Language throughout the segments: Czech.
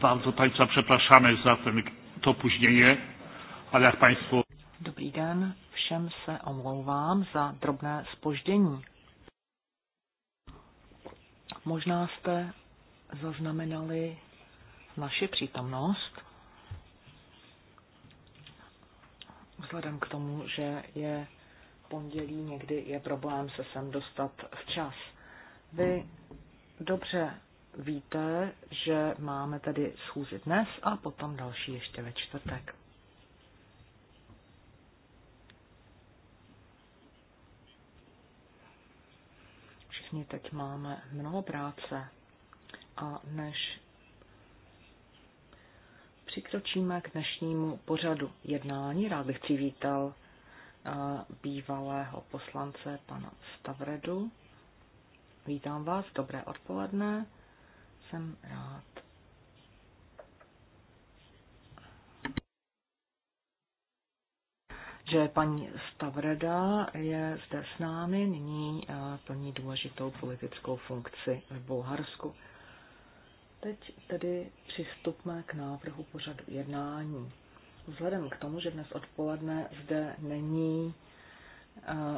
Bardzo Państwa przepraszamy za ten, to opóźnienie, ale jak Państwo... Dobrý den, všem se omlouvám za drobné spoždění. Možná jste zaznamenali naše přítomnost. Vzhledem k tomu, že je pondělí, někdy je problém se sem dostat včas. Vy dobře víte, že máme tedy schůzi dnes a potom další ještě ve čtvrtek. Všichni teď máme mnoho práce a než přikročíme k dnešnímu pořadu jednání, rád bych přivítal eh, bývalého poslance pana Stavredu. Vítám vás, dobré odpoledne jsem rád. že paní Stavreda je zde s námi, nyní plní důležitou politickou funkci v Bulharsku. Teď tedy přistupme k návrhu pořadu jednání. Vzhledem k tomu, že dnes odpoledne zde není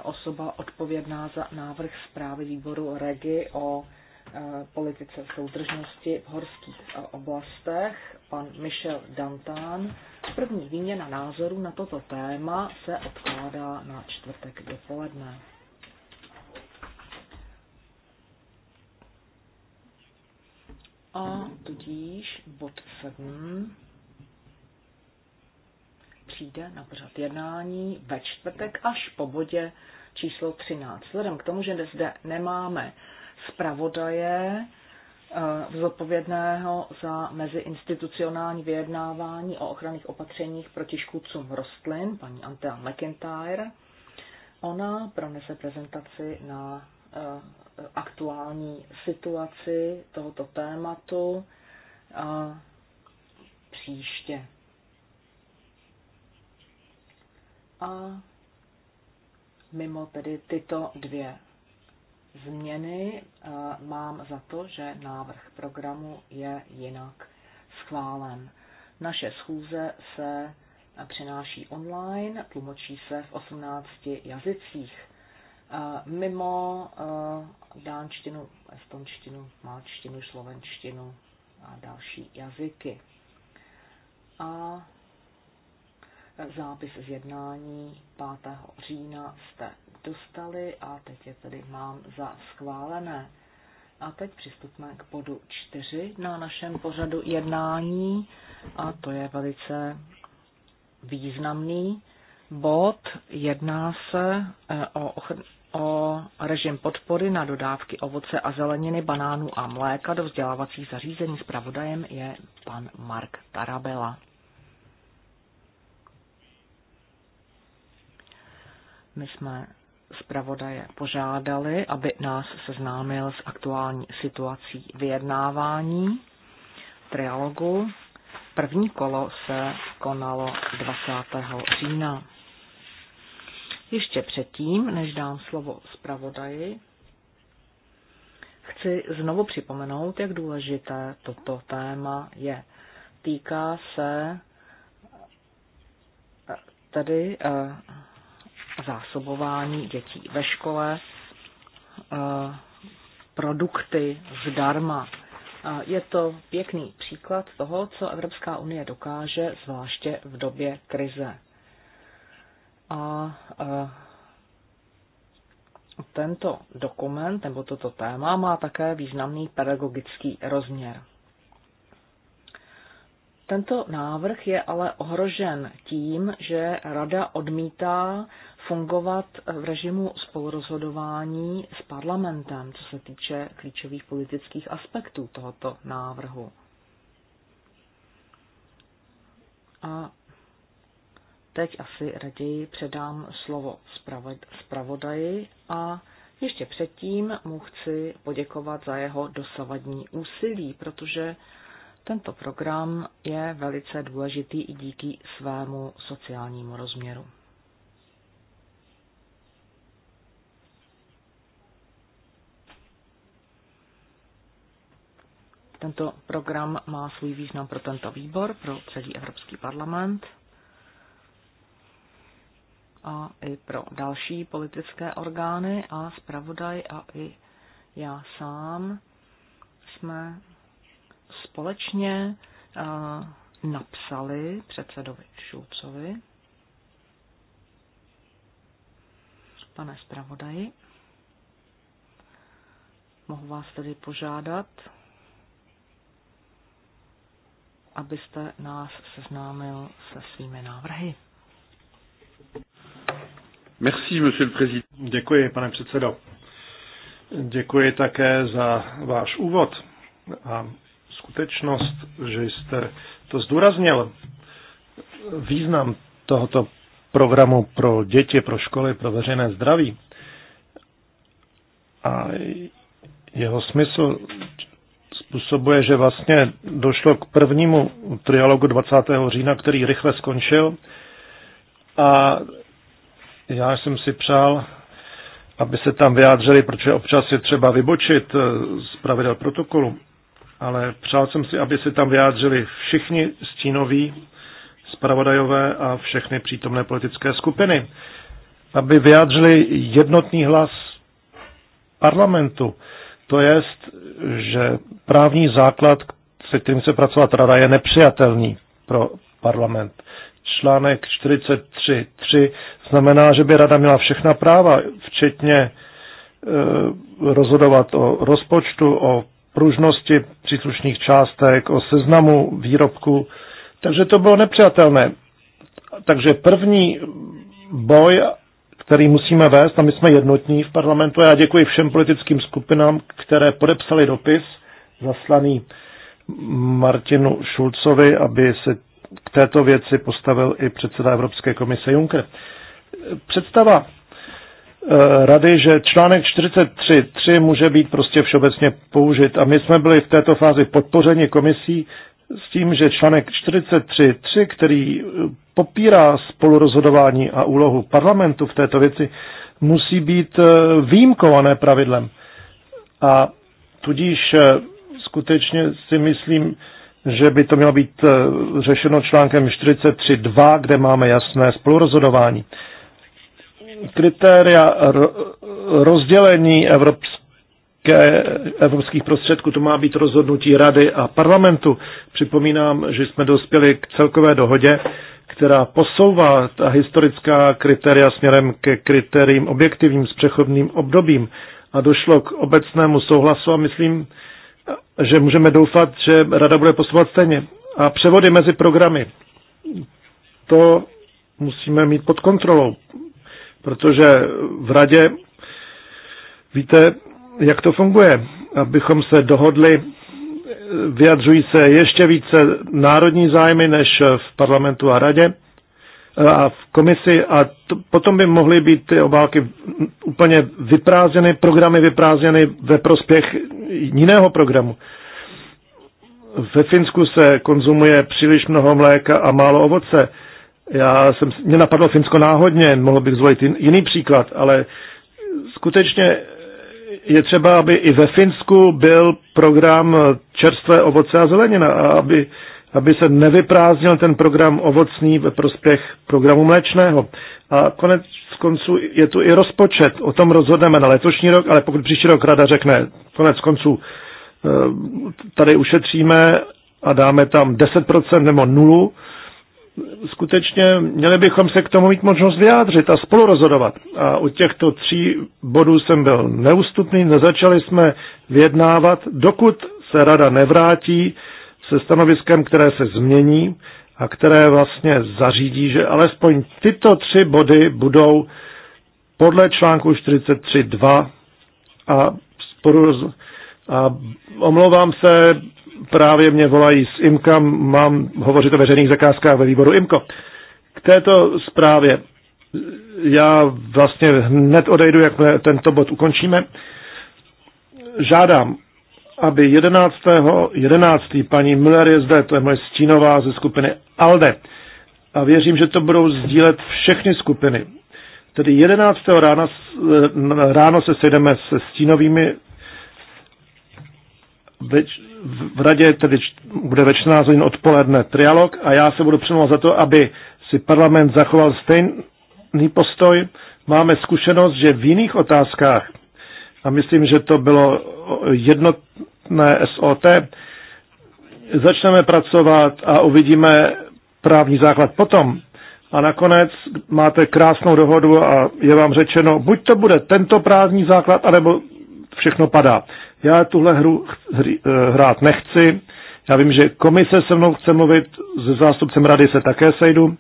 osoba odpovědná za návrh zprávy výboru REGI o Eh, politice soudržnosti v horských eh, oblastech, pan Michel Dantán. První výměna názorů na toto téma se odkládá na čtvrtek dopoledne. A tudíž bod 7 přijde na pořad jednání ve čtvrtek až po bodě číslo 13. Vzhledem k tomu, že zde nemáme zpravodaje eh, zodpovědného za meziinstitucionální vyjednávání o ochranných opatřeních proti škůdcům rostlin, paní Antea McIntyre. Ona pronese prezentaci na eh, aktuální situaci tohoto tématu eh, příště. A mimo tedy tyto dvě změny, eh, mám za to, že návrh programu je jinak schválen. Naše schůze se přenáší online, tlumočí se v 18 jazycích. Eh, mimo eh, dánštinu, estonštinu, malčtinu, slovenštinu a další jazyky. A zápis z jednání 5. října jste dostali a teď je tedy mám za schválené. A teď přistupme k bodu 4 na našem pořadu jednání a to je velice významný bod. Jedná se e, o, o režim podpory na dodávky ovoce a zeleniny, banánů a mléka do vzdělávacích zařízení. Spravodajem je pan Mark Tarabela. My jsme zpravodaje požádali, aby nás seznámil s aktuální situací vyjednávání trialogu. První kolo se konalo 20. října. Ještě předtím, než dám slovo zpravodaji, chci znovu připomenout, jak důležité toto téma je. Týká se tedy eh, zásobování dětí ve škole eh, produkty zdarma. Je to pěkný příklad toho, co Evropská unie dokáže, zvláště v době krize. A eh, tento dokument nebo toto téma má také významný pedagogický rozměr. Tento návrh je ale ohrožen tím, že Rada odmítá fungovat v režimu spolurozhodování s parlamentem, co se týče klíčových politických aspektů tohoto návrhu. A teď asi raději předám slovo zpravodaji a ještě předtím mu chci poděkovat za jeho dosavadní úsilí, protože tento program je velice důležitý i díky svému sociálnímu rozměru. Tento program má svůj význam pro tento výbor, pro celý Evropský parlament a i pro další politické orgány a zpravodaj a i já sám jsme společně eh, napsali předsedovi Šulcovi. Pane zpravodaji, mohu vás tedy požádat, abyste nás seznámil se svými návrhy. Merci, monsieur le président. Děkuji, pane předsedo. Děkuji také za váš úvod a skutečnost, že jste to zdůraznil, význam tohoto programu pro děti, pro školy, pro veřejné zdraví a jeho smysl způsobuje, že vlastně došlo k prvnímu trialogu 20. října, který rychle skončil a já jsem si přál, aby se tam vyjádřili, protože občas je třeba vybočit z pravidel protokolu ale přál jsem si, aby se tam vyjádřili všichni stínoví, spravodajové a všechny přítomné politické skupiny, aby vyjádřili jednotný hlas parlamentu. To jest, že právní základ, se kterým se pracovat rada, je nepřijatelný pro parlament. Článek 43.3 znamená, že by rada měla všechna práva, včetně e, rozhodovat o rozpočtu, o pružnosti příslušných částek, o seznamu výrobku. Takže to bylo nepřijatelné. Takže první boj, který musíme vést, a my jsme jednotní v parlamentu, já děkuji všem politickým skupinám, které podepsali dopis zaslaný Martinu Šulcovi, aby se k této věci postavil i předseda Evropské komise Juncker. Představa Eh, rady, že článek 43.3 může být prostě všeobecně použit. A my jsme byli v této fázi podpořeni komisí s tím, že článek 43.3, který eh, popírá spolurozhodování a úlohu parlamentu v této věci, musí být eh, výjimkované pravidlem. A tudíž skutečně si myslím, že by to mělo být řešeno článkem 43.2, kde máme jasné spolurozhodování kritéria rozdělení evropské, evropských prostředků, to má být rozhodnutí Rady a parlamentu. Připomínám, že jsme dospěli k celkové dohodě, která posouvá ta historická kritéria směrem ke kritériím objektivním s přechodným obdobím a došlo k obecnému souhlasu a myslím, že můžeme doufat, že Rada bude posouvat stejně. A převody mezi programy, to musíme mít pod kontrolou protože v radě víte, jak to funguje. Abychom se dohodli, vyjadřují se ještě více národní zájmy než v parlamentu a radě eh, a v komisi a to, potom by mohly být ty obálky úplně vyprázdněny, programy vyprázdněny ve prospěch jiného programu. Ve Finsku se konzumuje příliš mnoho mléka a málo ovoce já jsem, mě napadlo Finsko náhodně, mohl bych zvolit jiný příklad, ale skutečně je třeba, aby i ve Finsku byl program čerstvé ovoce a zelenina a aby, aby se nevyprázdnil ten program ovocný ve prospěch programu mléčného. A konec konců je tu i rozpočet, o tom rozhodneme na letošní rok, ale pokud příští rok rada řekne, konec konců eh, tady ušetříme a dáme tam 10% nebo nulu, skutečně měli bychom se k tomu mít možnost vyjádřit a spolurozhodovat. A u těchto tří bodů jsem byl neústupný, nezačali jsme vyjednávat, dokud se rada nevrátí se stanoviskem, které se změní a které vlastně zařídí, že alespoň tyto tři body budou podle článku 43.2 a, a omlouvám se, právě mě volají s IMKA, mám hovořit o veřejných zakázkách ve výboru IMKO. K této zprávě já vlastně hned odejdu, jak tento bod ukončíme. Žádám, aby 11. 11. paní Müller je zde, to je moje stínová ze skupiny ALDE. A věřím, že to budou sdílet všechny skupiny. Tedy 11. rána, ráno se sejdeme se stínovými v radě tedy bude ve 14 hodin odpoledne trialog a já se budu přimlouvat za to, aby si parlament zachoval stejný postoj. Máme zkušenost, že v jiných otázkách, a myslím, že to bylo jednotné SOT, začneme pracovat a uvidíme právní základ potom. A nakonec máte krásnou dohodu a je vám řečeno, buď to bude tento právní základ, anebo všechno padá. Já tuhle hru eh, hrát nechci. Já vím, že komise se mnou chce mluvit, se zástupcem rady se také sejdu.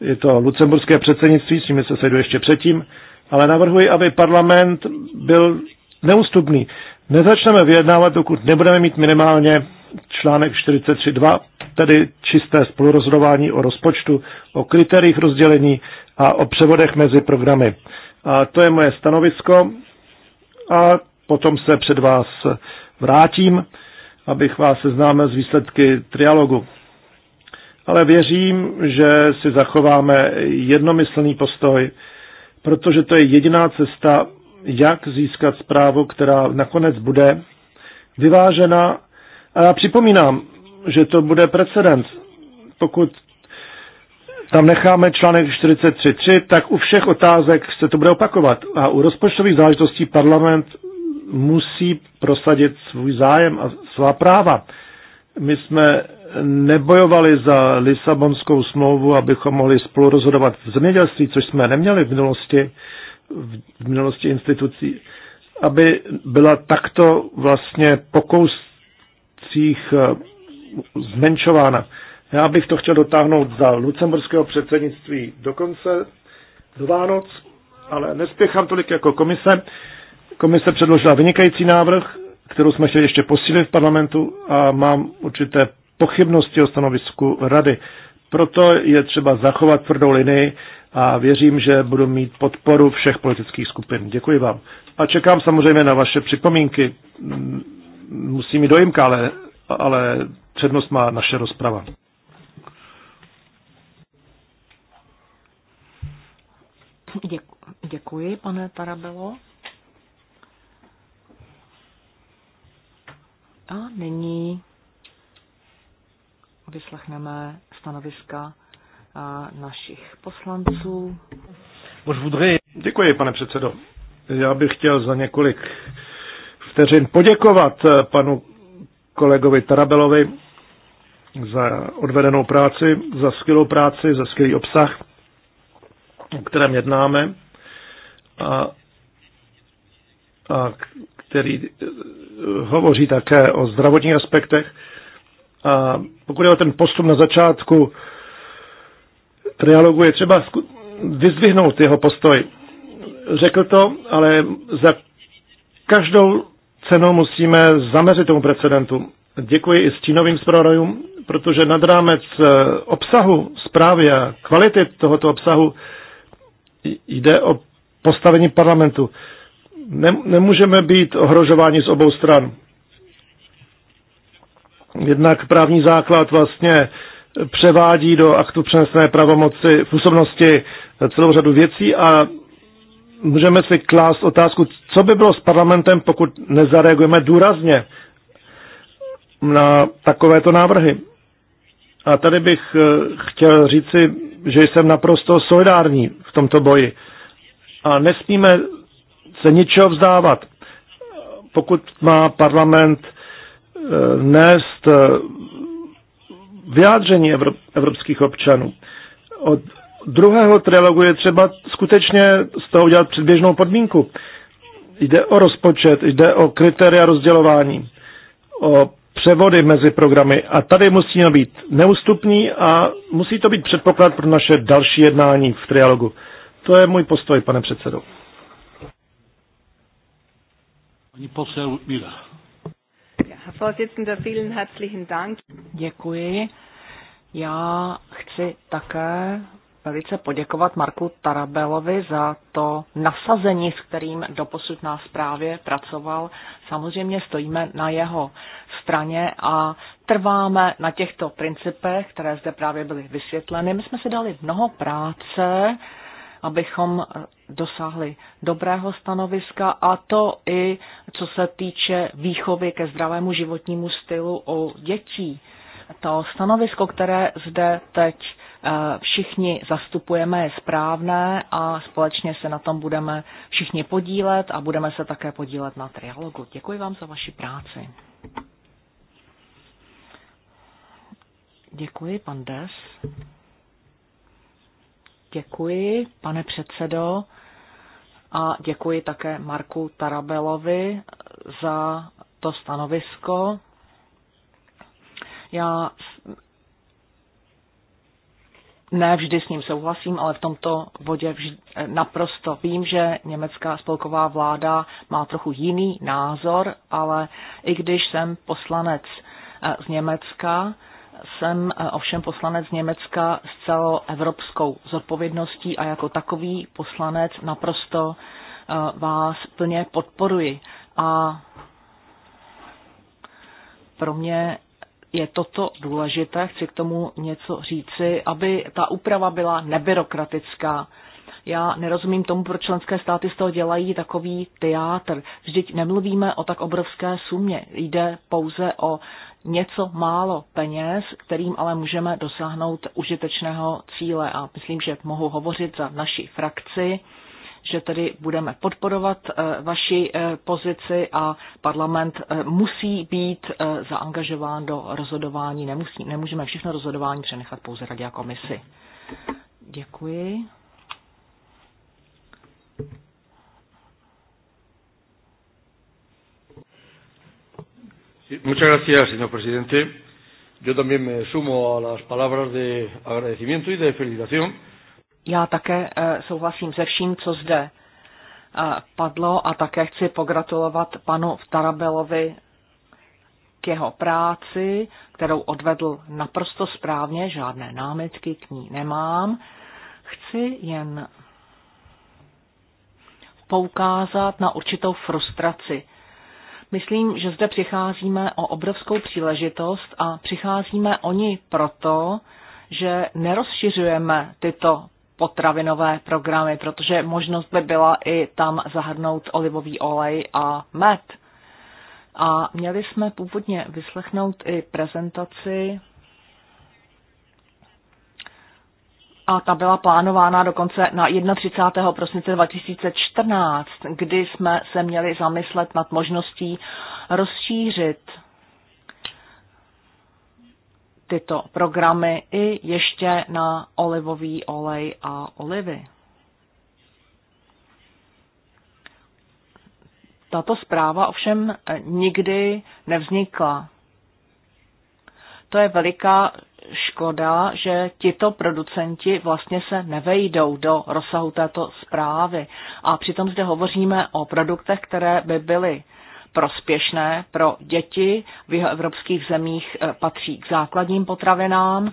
Je to lucemburské předsednictví, s nimi se sejdu ještě předtím. Ale navrhuji, aby parlament byl neústupný. Nezačneme vyjednávat, dokud nebudeme mít minimálně článek 43.2, tedy čisté spolurozhodování o rozpočtu, o kritériích rozdělení a o převodech mezi programy. A to je moje stanovisko a Potom se před vás vrátím, abych vás seznámil s výsledky trialogu. Ale věřím, že si zachováme jednomyslný postoj, protože to je jediná cesta, jak získat zprávu, která nakonec bude vyvážena. A já připomínám, že to bude precedens. Pokud tam necháme článek 43.3, tak u všech otázek se to bude opakovat. A u rozpočtových záležitostí parlament musí prosadit svůj zájem a svá práva. My jsme nebojovali za Lisabonskou smlouvu, abychom mohli spolu rozhodovat v zemědělství, což jsme neměli v minulosti, v minulosti institucí, aby byla takto vlastně pokouscích eh, zmenšována. Já bych to chtěl dotáhnout za lucemburského předsednictví do konce, do Vánoc, ale nespěchám tolik jako komise. Komise předložila vynikající návrh, kterou jsme chtěli ještě posílit v parlamentu a mám určité pochybnosti o stanovisku rady. Proto je třeba zachovat tvrdou linii a věřím, že budu mít podporu všech politických skupin. Děkuji vám. A čekám samozřejmě na vaše připomínky. Musí mi dojímka, ale, ale přednost má naše rozprava. Děkuji, pane Tarabelo. A nyní vyslechneme stanoviska našich poslanců. Děkuji, pane předsedo. Já bych chtěl za několik vteřin poděkovat e, panu kolegovi Tarabelovi za odvedenou práci, za skvělou práci, za skvělý obsah, o kterém jednáme a, a který eh, hovoří také o zdravotních aspektech. A pokud je o ten postup na začátku trialogu, je třeba vyzvihnout jeho postoj. Řekl to, ale za každou cenu musíme zamezit tomu precedentu. Děkuji i stínovým zpravodajům, protože nad rámec eh, obsahu zprávy a kvality tohoto obsahu jde o postavení parlamentu nemůžeme být ohrožováni z obou stran. Jednak právní základ vlastně převádí do aktu přenesené pravomoci v působnosti celou řadu věcí a můžeme si klást otázku, co by bylo s parlamentem, pokud nezareagujeme důrazně na takovéto návrhy. A tady bych eh, chtěl říci, že jsem naprosto solidární v tomto boji. A nesmíme se ničeho vzdávat. Pokud má parlament e, nést e, vyjádření evropských občanů, od druhého trialogu je třeba skutečně z toho udělat předběžnou podmínku. Jde o rozpočet, jde o kritéria rozdělování, o převody mezi programy a tady musí být neustupný a musí to být předpoklad pro naše další jednání v trialogu. To je můj postoj, pane předsedo. Pani posel Miller. Děkuji. Já chci také velice poděkovat Marku Tarabelovi za to nasazení, s kterým doposud na zprávě pracoval. Samozřejmě stojíme na jeho straně a trváme na těchto principech, které zde právě byly vysvětleny. My jsme si dali mnoho práce, abychom dosáhli dobrého stanoviska a to i co se týče výchovy ke zdravému životnímu stylu u dětí. To stanovisko, které zde teď eh, všichni zastupujeme, je správné a společně se na tom budeme všichni podílet a budeme se také podílet na trialogu. Děkuji vám za vaši práci. Děkuji, pan Des. Děkuji, pane předsedo, a děkuji také Marku Tarabelovi za to stanovisko. Já ne vždy s ním souhlasím, ale v tomto bodě vždy, naprosto vím, že německá spolková vláda má trochu jiný názor, ale i když jsem poslanec eh, z Německa, jsem eh, ovšem poslanec Německa s celou evropskou zodpovědností a jako takový poslanec naprosto eh, vás plně podporuji. A pro mě je toto důležité, chci k tomu něco říci, aby ta úprava byla nebyrokratická. Já nerozumím tomu, proč členské státy z toho dělají takový teátr. Vždyť nemluvíme o tak obrovské sumě. Jde pouze o něco málo peněz, kterým ale můžeme dosáhnout užitečného cíle. A myslím, že mohu hovořit za naši frakci, že tedy budeme podporovat eh, vaši eh, pozici a parlament eh, musí být zaangažován do rozhodování. Nemusí, nemůžeme všechno rozhodování přenechat pouze radě a komisi. Děkuji. Sí, muchas gracias, señor presidente. Yo también me sumo a las palabras de agradecimiento y de felicitación. Já také uh, souhlasím se vším, co zde uh, padlo a také chci pogratulovat panu Tarabelovi k jeho práci, kterou odvedl naprosto správně, žádné námitky k ní nemám. Chci jen poukázat na určitou frustraci Myslím, že zde přicházíme o obrovskou příležitost a přicházíme o ní proto, že nerozšiřujeme tyto potravinové programy, protože možnost by byla i tam zahrnout olivový olej a med. A měli jsme původně vyslechnout i prezentaci a ta byla plánována dokonce na 31. prosince 2014, kdy jsme se měli zamyslet nad možností rozšířit tyto programy i ještě na olivový olej a olivy. Tato zpráva ovšem nikdy nevznikla. To je veliká škoda, že tito producenti vlastně se nevejdou do rozsahu této zprávy. A přitom zde hovoříme o produktech, které by byly prospěšné pro děti. V jeho evropských zemích eh, patří k základním potravinám.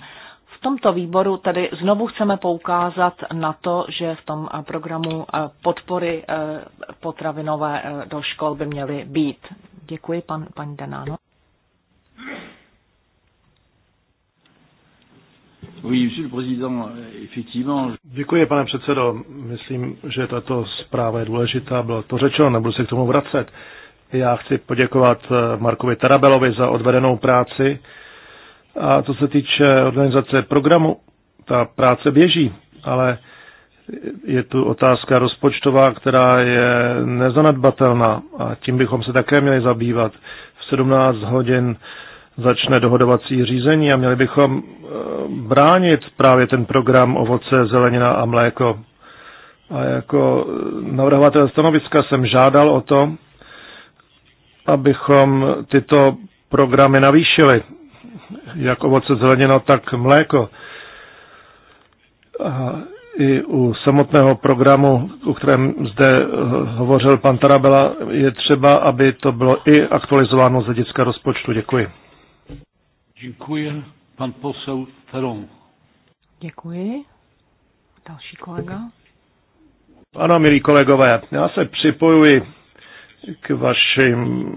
V tomto výboru tedy znovu chceme poukázat na to, že v tom eh, programu eh, podpory potravinové do škol by měly být. Děkuji, pan, paní Danáno. Děkuji, pane předsedo. Myslím, že tato zpráva je důležitá. Bylo to řečeno, nebudu se k tomu vracet. Já chci poděkovat eh, Markovi Tarabelovi za odvedenou práci. A co se týče organizace programu, ta práce běží, ale je tu otázka rozpočtová, která je nezanedbatelná a tím bychom se také měli zabývat. V 17 hodin začne dohodovací řízení a měli bychom eh, bránit právě ten program ovoce, zelenina a mléko. A jako eh, navrhovatel stanoviska jsem žádal o to, abychom tyto programy navýšili, jak ovoce, zelenina, tak mléko. A i u samotného programu, o kterém zde eh, hovořil pan Tarabela, je třeba, aby to bylo i aktualizováno z hlediska rozpočtu. Děkuji. Děkuji. Pan posel Feron. Děkuji. Další kolega. Ano, milí kolegové, já se připojuji k vašim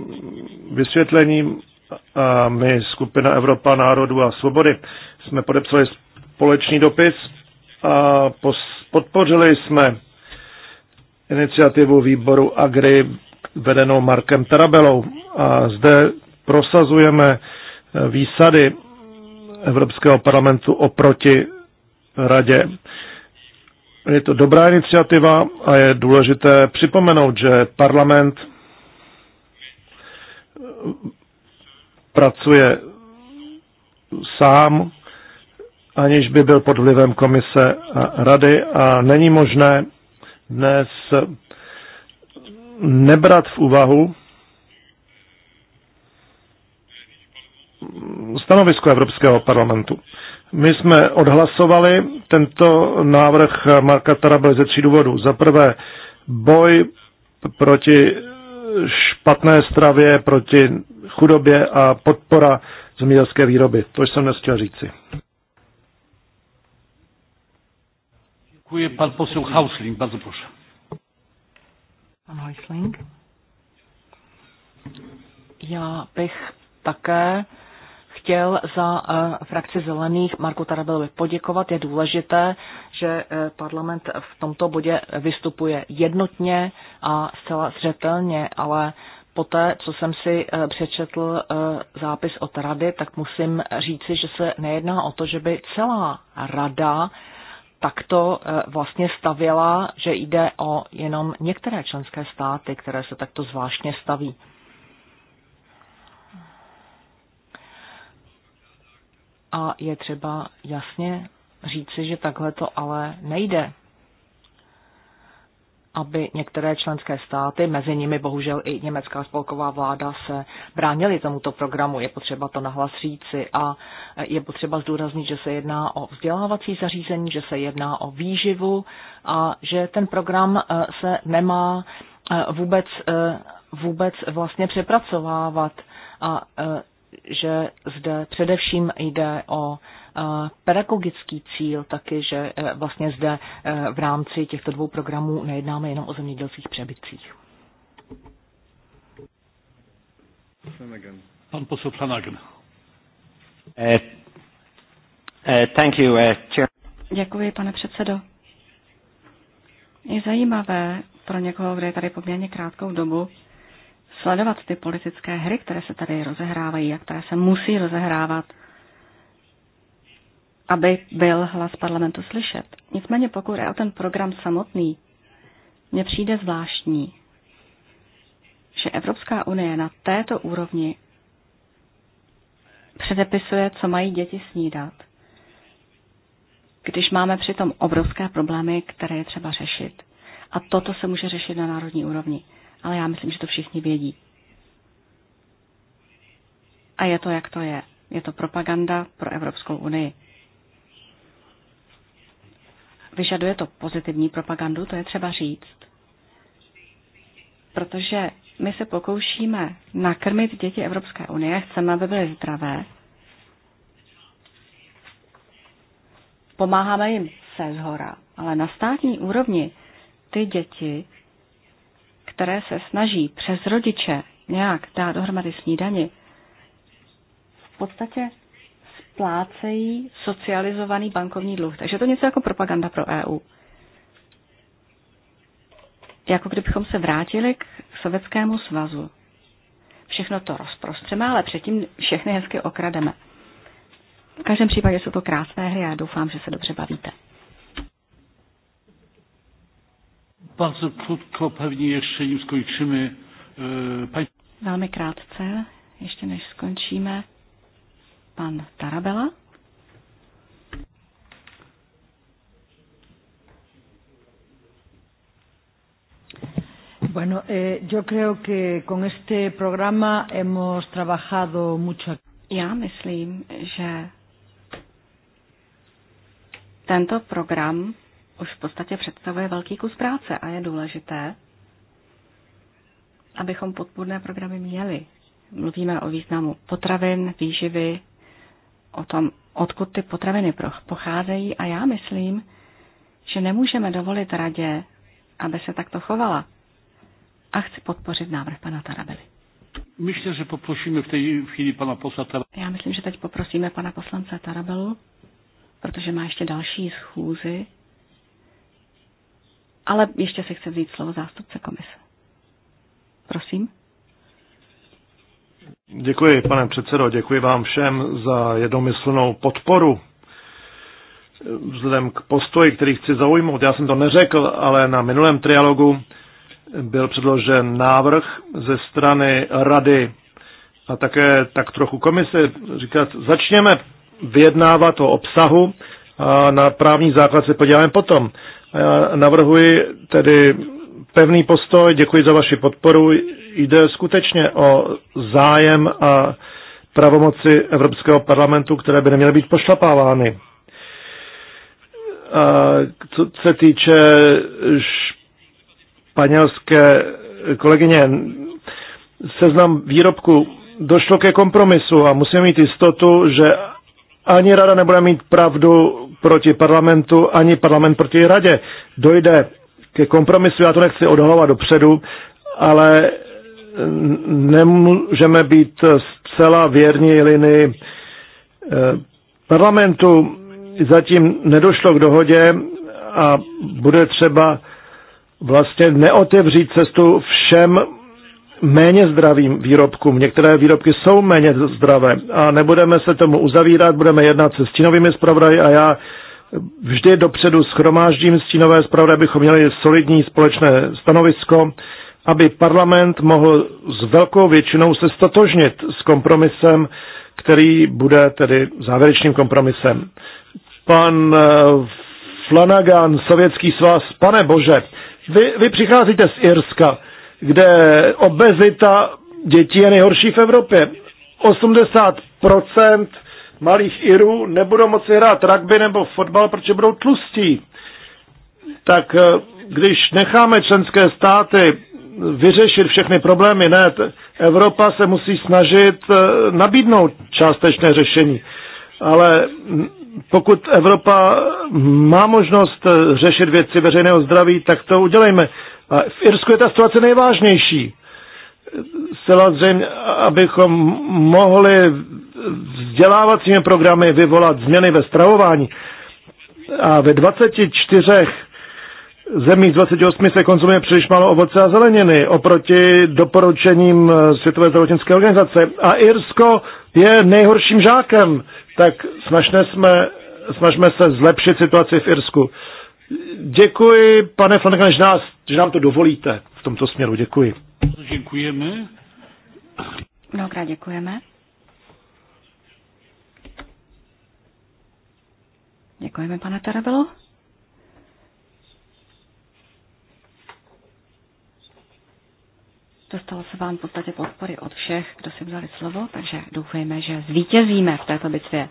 vysvětlením. A my, skupina Evropa národů a svobody, jsme podepsali společný dopis a podpořili jsme iniciativu výboru Agri vedenou Markem Tarabelou. A zde prosazujeme výsady Evropského parlamentu oproti radě. Je to dobrá iniciativa a je důležité připomenout, že parlament pracuje sám, aniž by byl pod vlivem komise a rady a není možné dnes nebrat v úvahu stanovisko Evropského parlamentu. My jsme odhlasovali tento návrh Marka Tarabely ze tří důvodů. Za prvé, boj proti špatné stravě, proti chudobě a podpora zemědělské výroby. To jsem dnes chtěl říci. Děkuji. Pan posel Hausling, bardzo proszę. Pan Hausling. Já bych také chtěl za eh, frakci zelených Marku Tarabelovi poděkovat. Je důležité, že eh, parlament v tomto bodě vystupuje jednotně a zcela zřetelně, ale poté, co jsem si eh, přečetl zápis od rady, tak musím říci, že se nejedná o to, že by celá rada takto vlastně stavěla, že jde o jenom některé členské státy, které se takto zvláštně staví. a je třeba jasně říci, že takhle to ale nejde. Aby některé členské státy, mezi nimi bohužel i německá spolková vláda, se bránili tomuto programu. Je potřeba to nahlas říci a je potřeba zdůraznit, že se jedná o vzdělávací zařízení, že se jedná o výživu a že ten program eh, se nemá eh, vůbec, eh, vůbec vlastně přepracovávat. A že zde především jde o eh, pedagogický cíl taky, že eh, vlastně zde eh, v rámci těchto dvou programů nejednáme jenom o zemědělských přebytcích. Pan posl Flanagan. thank you, Děkuji, pane předsedo. Je zajímavé pro někoho, kdo je tady poměrně krátkou dobu, sledovat ty politické hry, které se tady rozehrávají a které se musí rozehrávat, aby byl hlas parlamentu slyšet. Nicméně pokud je o ten program samotný, mně přijde zvláštní, že Evropská unie na této úrovni předepisuje, co mají děti snídat, když máme přitom obrovské problémy, které je třeba řešit. A toto se může řešit na národní úrovni ale já myslím, že to všichni vědí. A je to, jak to je. Je to propaganda pro Evropskou unii. Vyžaduje to pozitivní propagandu, to je třeba říct. Protože my se pokoušíme nakrmit děti Evropské unie, chceme, aby byly zdravé. Pomáháme jim se zhora, ale na státní úrovni ty děti které se snaží přes rodiče nějak dát dohromady snídani, v podstatě splácejí socializovaný bankovní dluh. Takže to je něco jako propaganda pro EU. Jako kdybychom se vrátili k Sovětskému svazu. Všechno to rozprostřeme, ale předtím všechny hezky okrademe. V každém případě jsou to krásné hry a doufám, že se dobře bavíte. Bardzo krótko, pewnie jeszcze nim skończymy. E, Paň... Velmi krátce, ještě než skončíme. Pan Tarabela. Bueno, eh, yo creo que con este programa hemos trabajado mucho. Já myslím, že tento program už v podstatě představuje velký kus práce a je důležité, abychom podpůrné programy měli. Mluvíme o významu potravin, výživy, o tom, odkud ty potraviny pocházejí a já myslím, že nemůžeme dovolit radě, aby se takto chovala. A chci podpořit návrh pana Tarabely. Myslím, že poprosíme v té chvíli pana poslance. Já myslím, že teď poprosíme pana poslance Tarabelu, protože má ještě další schůzi ale ještě se chce vzít slovo zástupce komise. Prosím. Děkuji, pane předsedo, děkuji vám všem za jednomyslnou podporu. Vzhledem k postoji, který chci zaujmout, já jsem to neřekl, ale na minulém trialogu byl předložen návrh ze strany rady a také tak trochu komise říkat, začněme vyjednávat o obsahu a na právní základ se podíváme potom. A já navrhuji tedy pevný postoj, děkuji za vaši podporu. Jde skutečně o zájem a pravomoci Evropského parlamentu, které by neměly být pošlapávány. A co se týče španělské kolegyně, seznam výrobku došlo ke kompromisu a musíme mít jistotu, že ani rada nebude mít pravdu proti parlamentu, ani parlament proti radě. Dojde ke kompromisu, já to nechci odhalovat dopředu, ale nemůžeme být zcela věrní linii eh, parlamentu. Zatím nedošlo k dohodě a bude třeba vlastně neotevřít cestu všem méně zdravým výrobkům. Některé výrobky jsou méně zdravé a nebudeme se tomu uzavírat, budeme jednat se stínovými zpravodaji a já vždy dopředu schromáždím stínové zpravodaje, abychom měli solidní společné stanovisko, aby parlament mohl s velkou většinou se statožnit s kompromisem, který bude tedy závěrečným kompromisem. Pan eh, Flanagan, Sovětský svaz, pane bože, vy, vy přicházíte z Irska, kde obezita dětí je nejhorší v Evropě. 80% malých Irů nebudou moci hrát rugby nebo fotbal, protože budou tlustí. Tak eh, když necháme členské státy vyřešit všechny problémy, ne, Evropa se musí snažit eh, nabídnout částečné řešení. Ale pokud Evropa má možnost eh, řešit věci veřejného zdraví, tak to udělejme. A v Irsku je ta situace nejvážnější. Zcela zřejmě, abychom mohli vzdělávacími programy vyvolat změny ve stravování. A ve 24 zemích 28 se konzumuje příliš málo ovoce a zeleniny oproti doporučením Světové zdravotnické organizace. A Irsko je nejhorším žákem, tak snažme, jsme, snažme se zlepšit situaci v Irsku. Děkuji, pane Flanagan, že, nás, že nám to dovolíte v tomto směru. Děkuji. Děkujeme. Mnohokrát děkujeme. Děkujeme, pane Tarabelo. Dostalo se vám v podstatě podpory od všech, kdo si vzali slovo, takže doufejme, že zvítězíme v této bitvě.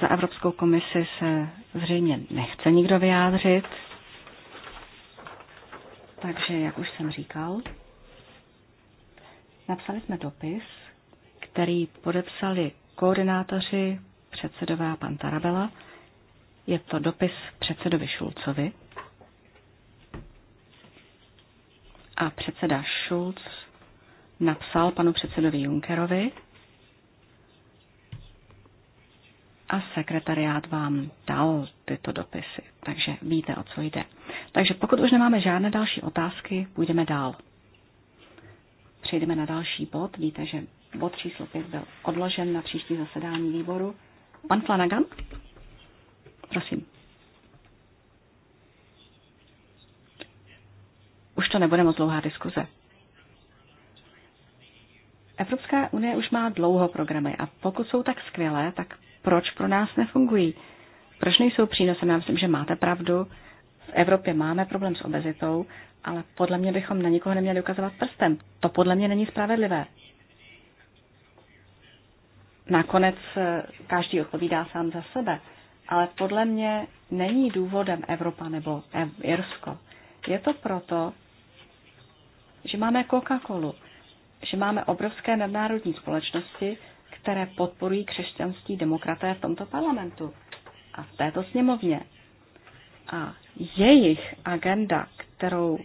Za Evropskou komisi se zřejmě nechce nikdo vyjádřit, takže, jak už jsem říkal, napsali jsme dopis, který podepsali koordinátoři předsedové a pan Tarabela. Je to dopis předsedovi Šulcovi. A předseda Šulc napsal panu předsedovi Junkerovi, a sekretariát vám dal tyto dopisy, takže víte, o co jde. Takže pokud už nemáme žádné další otázky, půjdeme dál. Přejdeme na další bod. Víte, že bod číslo 5 byl odložen na příští zasedání výboru. Pan Flanagan, prosím. Už to nebude moc dlouhá diskuze. Evropská unie už má dlouho programy a pokud jsou tak skvělé, tak proč pro nás nefungují, proč nejsou přínosem. Já myslím, že máte pravdu. V Evropě máme problém s obezitou, ale podle mě bychom na nikoho neměli ukazovat prstem. To podle mě není spravedlivé. Nakonec eh, každý odpovídá sám za sebe, ale podle mě není důvodem Evropa nebo Irsko. Je to proto, že máme Coca-Colu, že máme obrovské nadnárodní společnosti, které podporují křesťanský demokraté v tomto parlamentu a v této sněmovně. A jejich agenda, kterou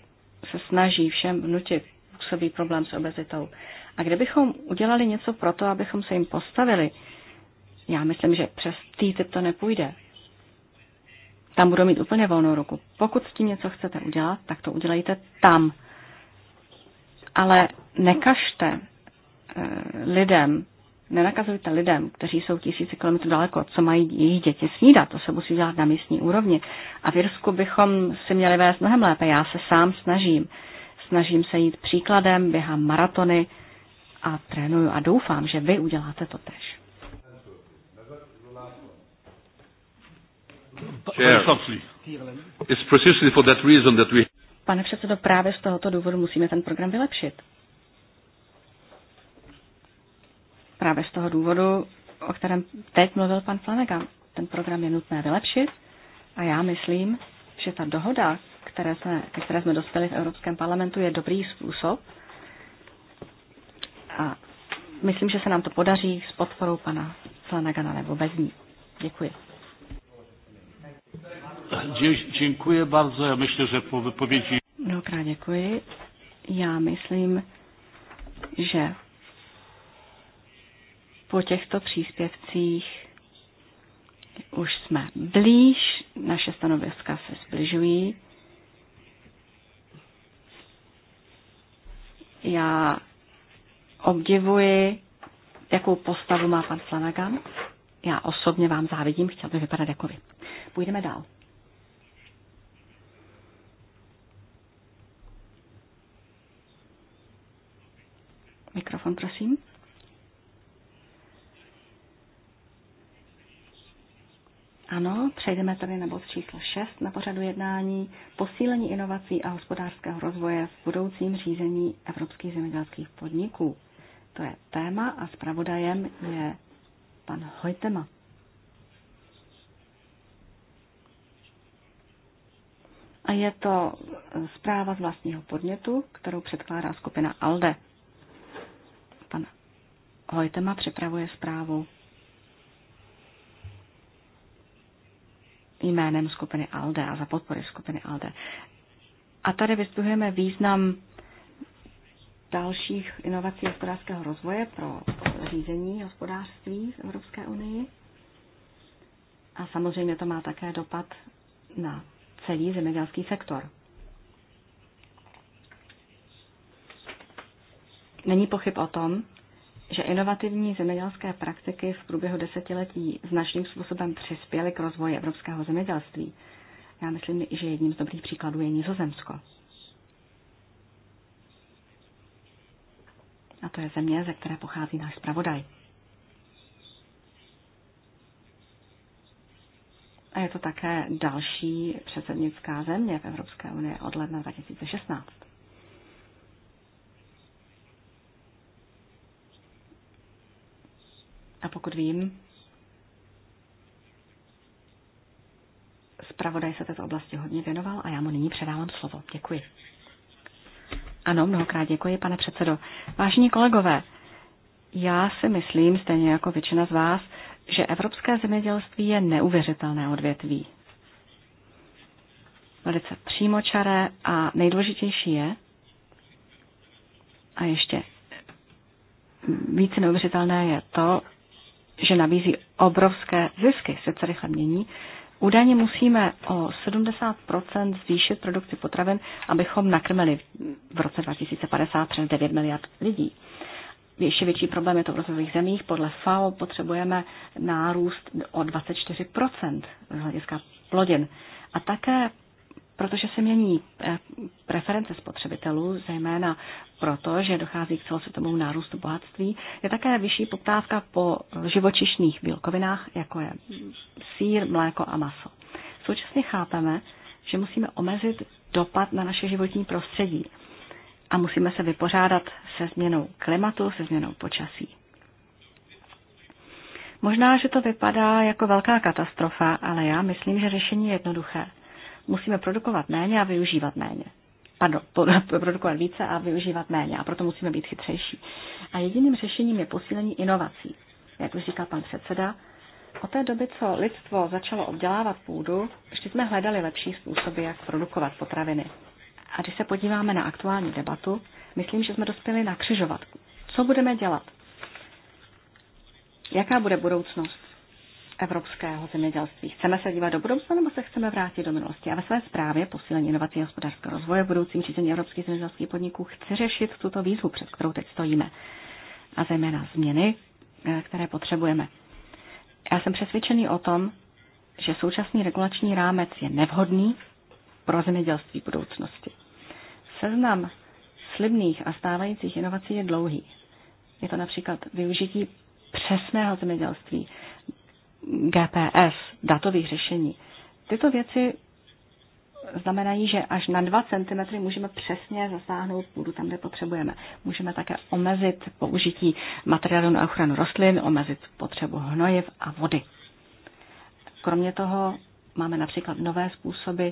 se snaží všem vnutit, působí problém s obezitou. A kdybychom udělali něco pro to, abychom se jim postavili, já myslím, že přes TTIP to nepůjde. Tam budou mít úplně volnou ruku. Pokud s tím něco chcete udělat, tak to udělejte tam. Ale nekažte eh, lidem nenakazujte lidem, kteří jsou tisíce kilometrů daleko, co mají jejich děti snídat. To se musí dělat na místní úrovni. A v Jirsku bychom si měli vést mnohem lépe. Já se sám snažím. Snažím se jít příkladem, běhám maratony a trénuju a doufám, že vy uděláte to tež. Pane předsedo, právě z tohoto důvodu musíme ten program vylepšit. Právě z toho důvodu, o kterém teď mluvil pan Flanagan, ten program je nutné vylepšit a já myslím, že ta dohoda, které jsme, ke které jsme dospěli v Evropském parlamentu, je dobrý způsob. A myslím, že se nám to podaří s podporou pana Flanagana nebo bez ní. Děkuji. Děkuji bardzo. Já myslím, že po vypovědi... Mnohokrát děkuji. Já myslím, že po těchto příspěvcích už jsme blíž, naše stanoviska se zbližují. Já obdivuji, jakou postavu má pan Flanagan. Já osobně vám závidím, chtěl bych vypadat jako vy. Půjdeme dál. Mikrofon, prosím. Ano, přejdeme tady na bod číslo 6 na pořadu jednání posílení inovací a hospodářského rozvoje v budoucím řízení evropských zemědělských podniků. To je téma a zpravodajem je pan Hojtema. A je to zpráva z vlastního podnětu, kterou předkládá skupina ALDE. Pan Hojtema připravuje zprávu jménem skupiny ALDE a za podpory skupiny ALDE. A tady vystuhujeme význam dalších inovací hospodářského rozvoje pro řízení hospodářství v Evropské unii. A samozřejmě to má také dopad na celý zemědělský sektor. Není pochyb o tom, že inovativní zemědělské praktiky v průběhu desetiletí značným způsobem přispěly k rozvoji evropského zemědělství. Já myslím, že jedním z dobrých příkladů je Nizozemsko. A to je země, ze které pochází náš zpravodaj. A je to také další předsednická země v Evropské unii od ledna 2016. pokud vím, zpravodaj se této oblasti hodně věnoval a já mu nyní předávám slovo. Děkuji. Ano, mnohokrát děkuji, pane předsedo. Vážení kolegové, já si myslím, stejně jako většina z vás, že evropské zemědělství je neuvěřitelné odvětví. Velice přímočaré a nejdůležitější je, a ještě více neuvěřitelné je to, že nabízí obrovské zisky, se co rychle mění, údajně musíme o 70 zvýšit produkci potravin, abychom nakrmili v roce 2050 přes 9 miliard lidí. Ještě větší problém je to v rozvojových zemích. Podle FAO potřebujeme nárůst o 24 z hlediska plodin. A také protože se mění eh, preference spotřebitelů, zejména proto, že dochází k celosvětovému nárůstu bohatství, je také vyšší poptávka po živočišných bílkovinách, jako je sír, mléko a maso. Současně chápeme, že musíme omezit dopad na naše životní prostředí a musíme se vypořádat se změnou klimatu, se změnou počasí. Možná, že to vypadá jako velká katastrofa, ale já myslím, že řešení je jednoduché – musíme produkovat méně a využívat méně. Pardon, produkovat více a využívat méně a proto musíme být chytřejší. A jediným řešením je posílení inovací. Jak už říkal pan předseda, od té doby, co lidstvo začalo obdělávat půdu, vždy jsme hledali lepší způsoby, jak produkovat potraviny. A když se podíváme na aktuální debatu, myslím, že jsme dospěli na křižovatku. Co budeme dělat? Jaká bude budoucnost? evropského zemědělství. Chceme se dívat do budoucna nebo se chceme vrátit do minulosti? A ve své zprávě posílení inovací a hospodářského rozvoje budoucím řízení evropských zemědělských podniků chci řešit tuto výzvu, před kterou teď stojíme. A zejména změny, eh, které potřebujeme. Já jsem přesvědčený o tom, že současný regulační rámec je nevhodný pro zemědělství budoucnosti. Seznam slibných a stávajících inovací je dlouhý. Je to například využití přesného zemědělství, GPS, datových řešení. Tyto věci znamenají, že až na 2 cm můžeme přesně zasáhnout půdu tam, kde potřebujeme. Můžeme také omezit použití materiálu na ochranu rostlin, omezit potřebu hnojiv a vody. Kromě toho máme například nové způsoby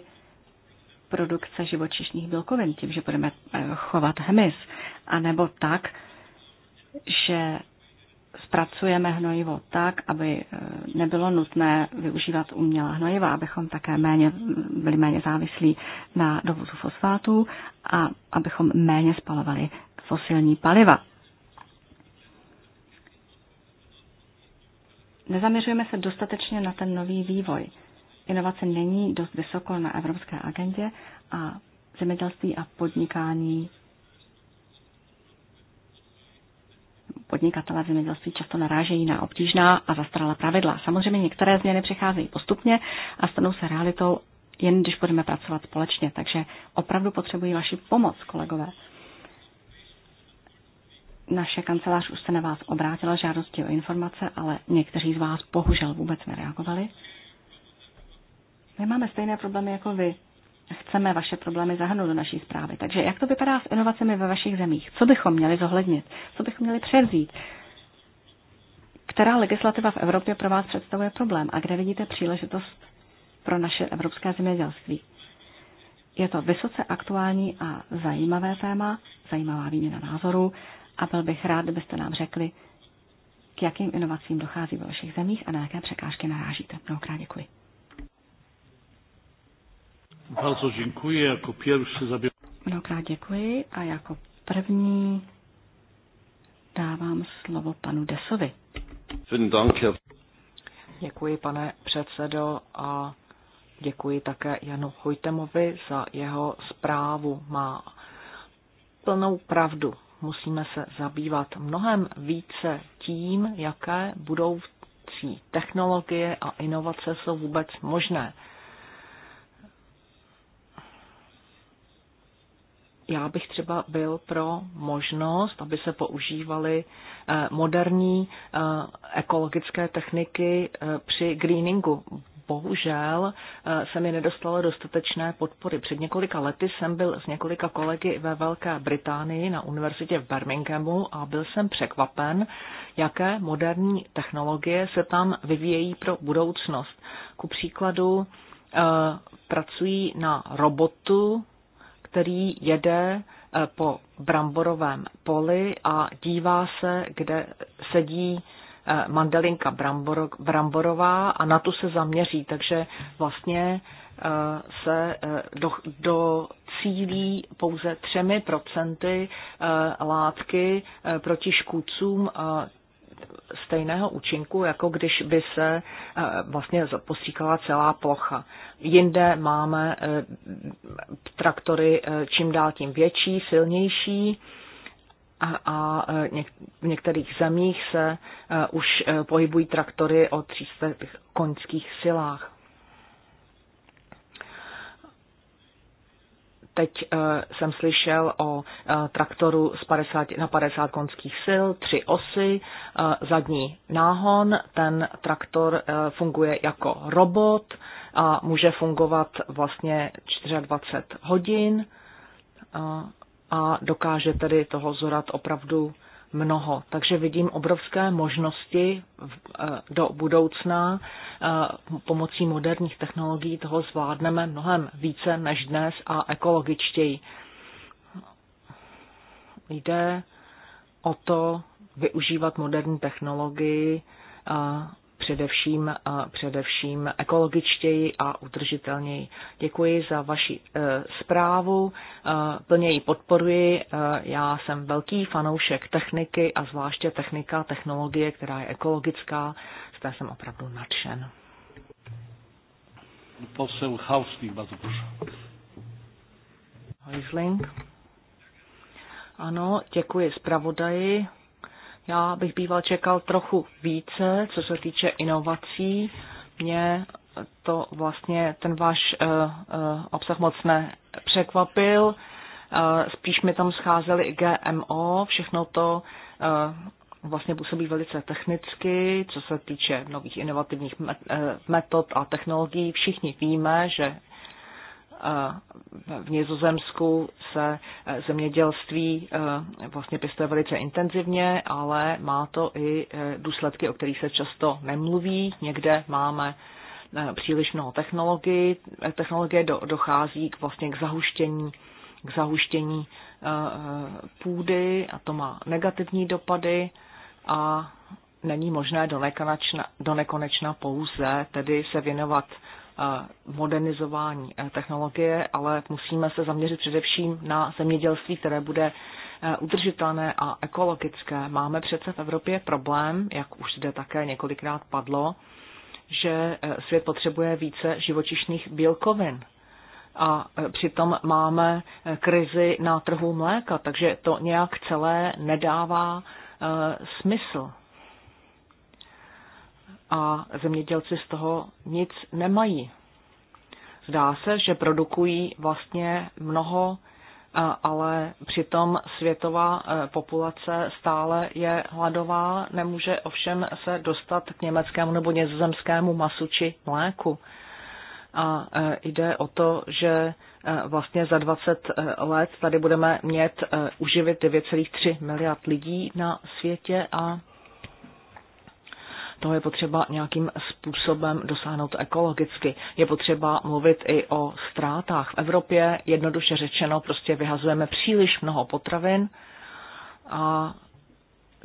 produkce živočišných bílkovin, tím, že budeme eh, chovat hmyz, anebo tak, že zpracujeme hnojivo tak, aby eh, nebylo nutné využívat umělá hnojiva, abychom také méně, byli méně závislí na dovozu fosfátů a abychom méně spalovali fosilní paliva. Nezaměřujeme se dostatečně na ten nový vývoj. Inovace není dost vysoko na evropské agendě a zemědělství a podnikání podnikatele v zemědělství často narážejí na obtížná a zastaralá pravidla. Samozřejmě některé změny přicházejí postupně a stanou se realitou jen když budeme pracovat společně. Takže opravdu potřebují vaši pomoc, kolegové. Naše kancelář už se na vás obrátila žádosti o informace, ale někteří z vás bohužel vůbec nereagovali. My máme stejné problémy jako vy chceme vaše problémy zahrnout do naší zprávy. Takže jak to vypadá s inovacemi ve vašich zemích? Co bychom měli zohlednit? Co bychom měli převzít? Která legislativa v Evropě pro vás představuje problém a kde vidíte příležitost pro naše evropské zemědělství? Je to vysoce aktuální a zajímavé téma, zajímavá výměna názorů a byl bych rád, kdybyste nám řekli, k jakým inovacím dochází ve vašich zemích a na jaké překážky narážíte. Mnohokrát děkuji. Bardzo dziękuję. Jako pierwszy zabieram. Mnohokrát děkuji a jako první dávám slovo panu Desovi. Děkuji, pane předsedo, a děkuji také Janu Hojtemovi za jeho zprávu. Má plnou pravdu. Musíme se zabývat mnohem více tím, jaké budoucí technologie a inovace jsou vůbec možné já bych třeba byl pro možnost, aby se používaly eh, moderní eh, ekologické techniky eh, při greeningu. Bohužel se mi nedostalo dostatečné podpory. Před několika lety jsem byl s několika kolegy ve Velké Británii na univerzitě v Birminghamu a byl jsem překvapen, jaké moderní technologie se tam vyvíjejí pro budoucnost. Ku příkladu pracují na robotu, který jede eh, po bramborovém poli a dívá se, kde sedí eh, mandelinka brambor, bramborová a na tu se zaměří. Takže vlastně eh, se do, do cílí pouze třemi procenty látky proti škůdcům stejného účinku, jako když by se eh, vlastně postříkala celá plocha. Jinde máme eh, traktory eh, čím dál tím větší, silnější a v některých zemích se už pohybují traktory o 300 koňských silách. Teď eh, jsem slyšel o eh, traktoru z 50 na 50 konských sil, tři osy, eh, zadní náhon. Ten traktor funguje jako robot a může fungovat vlastně 24 hodin a dokáže tedy toho zorat opravdu mnoho. Takže vidím obrovské možnosti eh, do budoucna eh, pomocí moderních technologií toho zvládneme mnohem více než dnes a ekologičtěji. Jde o to využívat moderní technologii eh, především, především ekologičtěji a udržitelněji. Děkuji za vaši e, zprávu, e, plně ji podporuji. E, já jsem velký fanoušek techniky a zvláště technika, technologie, která je ekologická, z té jsem opravdu nadšen. Poseł Hausling, bardzo proszę. Hausling. Ano, děkuji zpravodaji. Já bych býval čekal trochu více, co se týče inovací. Mě to vlastně ten váš uh, uh, obsah moc nepřekvapil. Uh, spíš mi tam scházely GMO, všechno to uh, vlastně působí velice technicky, co se týče nových inovativních metod a technologií. Všichni víme, že v Nizozemsku se eh, zemědělství eh, vlastně pěstuje velice intenzivně, ale má to i eh, důsledky, o kterých se často nemluví. Někde máme příliš mnoho technologií, technologie dochází k vlastně k zahuštění k zahuštění půdy a to má negativní dopady a není možné do nekonečna, do nekonečna pouze tedy se věnovat modernizování eh, technologie, ale musíme se zaměřit především na zemědělství, které bude eh, udržitelné a ekologické. Máme přece v Evropě problém, jak už zde také několikrát padlo, že eh, svět potřebuje více živočišných bílkovin. A přitom máme krizi na trhu mléka, takže to nějak celé nedává smysl a zemědělci z toho nic nemají. Zdá se, že produkují vlastně mnoho, eh, ale přitom světová eh, populace stále je hladová, nemůže ovšem se dostat k německému nebo nizozemskému masu či mléku. A eh, jde o to, že vlastně za 20 let tady budeme mít uživit 9,3 miliard lidí na světě a toho je potřeba nějakým způsobem dosáhnout ekologicky. Je potřeba mluvit i o ztrátách. V Evropě, jednoduše řečeno, prostě vyhazujeme příliš mnoho potravin a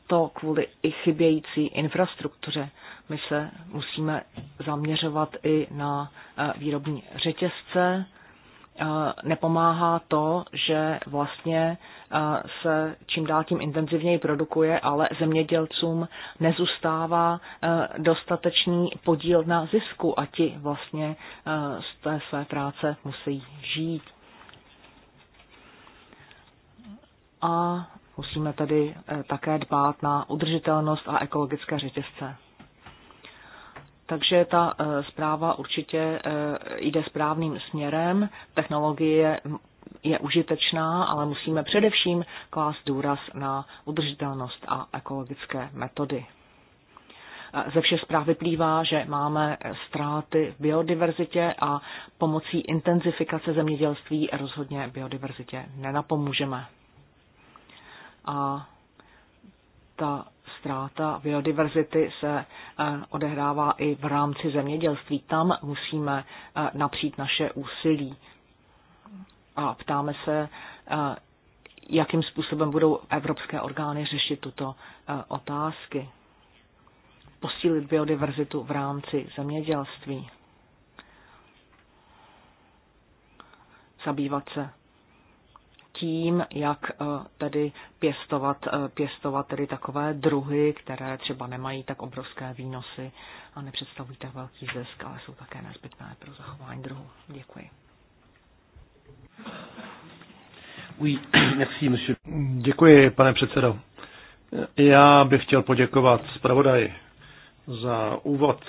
to kvůli i chybějící infrastruktuře. My se musíme zaměřovat i na eh, výrobní řetězce, nepomáhá to, že vlastně se čím dál tím intenzivněji produkuje, ale zemědělcům nezůstává dostatečný podíl na zisku a ti vlastně z té své práce musí žít. A musíme tedy e, také dbát na udržitelnost a ekologické řetězce. Takže ta eh, zpráva určitě eh, jde správným směrem. Technologie je užitečná, ale musíme především klást důraz na udržitelnost a ekologické metody. Eh, ze všech zpráv vyplývá, že máme ztráty v biodiverzitě a pomocí intenzifikace zemědělství rozhodně biodiverzitě nenapomůžeme. A ta ztráta biodiverzity se eh, odehrává i v rámci zemědělství. Tam musíme eh, napřít naše úsilí. A ptáme se, eh, jakým způsobem budou evropské orgány řešit tuto otázky. Posílit biodiverzitu v rámci zemědělství. Zabývat se tím, jak eh, tedy pěstovat, eh, pěstovat tedy takové druhy, které třeba nemají tak obrovské výnosy a nepředstavují tak velký zisk, ale jsou také nezbytné pro zachování druhu. Děkuji. Oui, merci, Děkuji, pane předsedo. Já bych chtěl poděkovat zpravodaji za úvod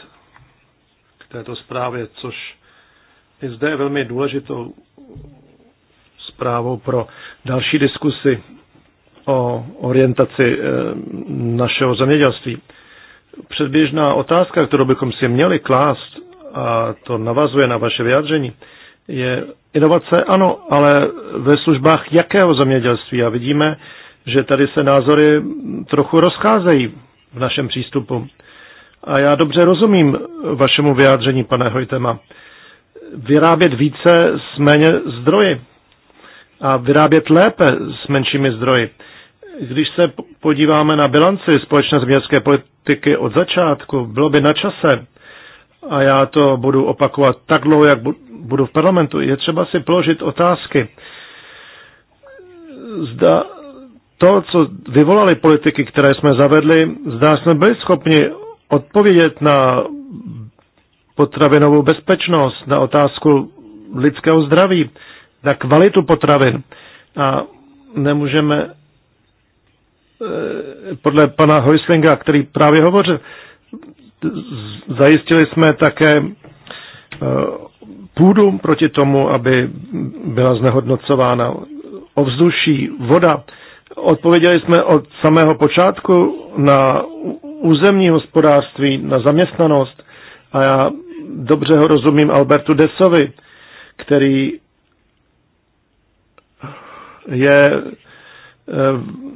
k této zprávě, což i zde je velmi důležitou zprávou pro další diskusy o orientaci eh, našeho zemědělství. Předběžná otázka, kterou bychom si měli klást, a to navazuje na vaše vyjádření, je inovace ano, ale ve službách jakého zemědělství? A vidíme, že tady se názory trochu rozcházejí v našem přístupu. A já dobře rozumím vašemu vyjádření, pane Hojtema. Vyrábět více s méně zdroji a vyrábět lépe s menšími zdroji. Když se podíváme na bilanci společné zemědělské politiky od začátku, bylo by na čase, a já to budu opakovat tak dlouho, jak budu v parlamentu, je třeba si položit otázky. Zda to, co vyvolali politiky, které jsme zavedli, zdá jsme byli schopni odpovědět na potravinovou bezpečnost, na otázku lidského zdraví, na kvalitu potravin. A nemůžeme e, podle pana Hoislinga, který právě hovořil, zajistili jsme také e, půdu proti tomu, aby byla znehodnocována ovzduší, voda. Odpověděli jsme od samého počátku na územní hospodářství, na zaměstnanost a já dobře ho rozumím Albertu Desovi, který je eh,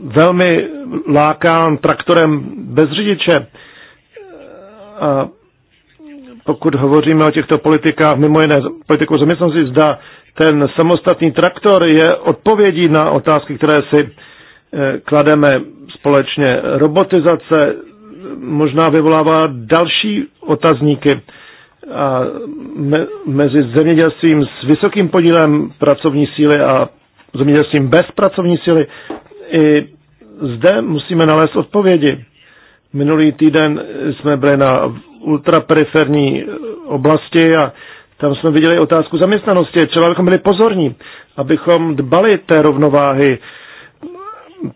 velmi lákán traktorem bez řidiče. A pokud hovoříme o těchto politikách, mimo jiné politiku zaměstnanosti, zda ten samostatný traktor je odpovědí na otázky, které si eh, klademe společně. Robotizace možná vyvolává další otazníky a me, mezi zemědělstvím s vysokým podílem pracovní síly a zemědělstvím bez pracovní síly. I zde musíme nalézt odpovědi. Minulý týden jsme byli na ultraperiferní oblasti a tam jsme viděli otázku zaměstnanosti. Třeba bychom byli pozorní, abychom dbali té rovnováhy,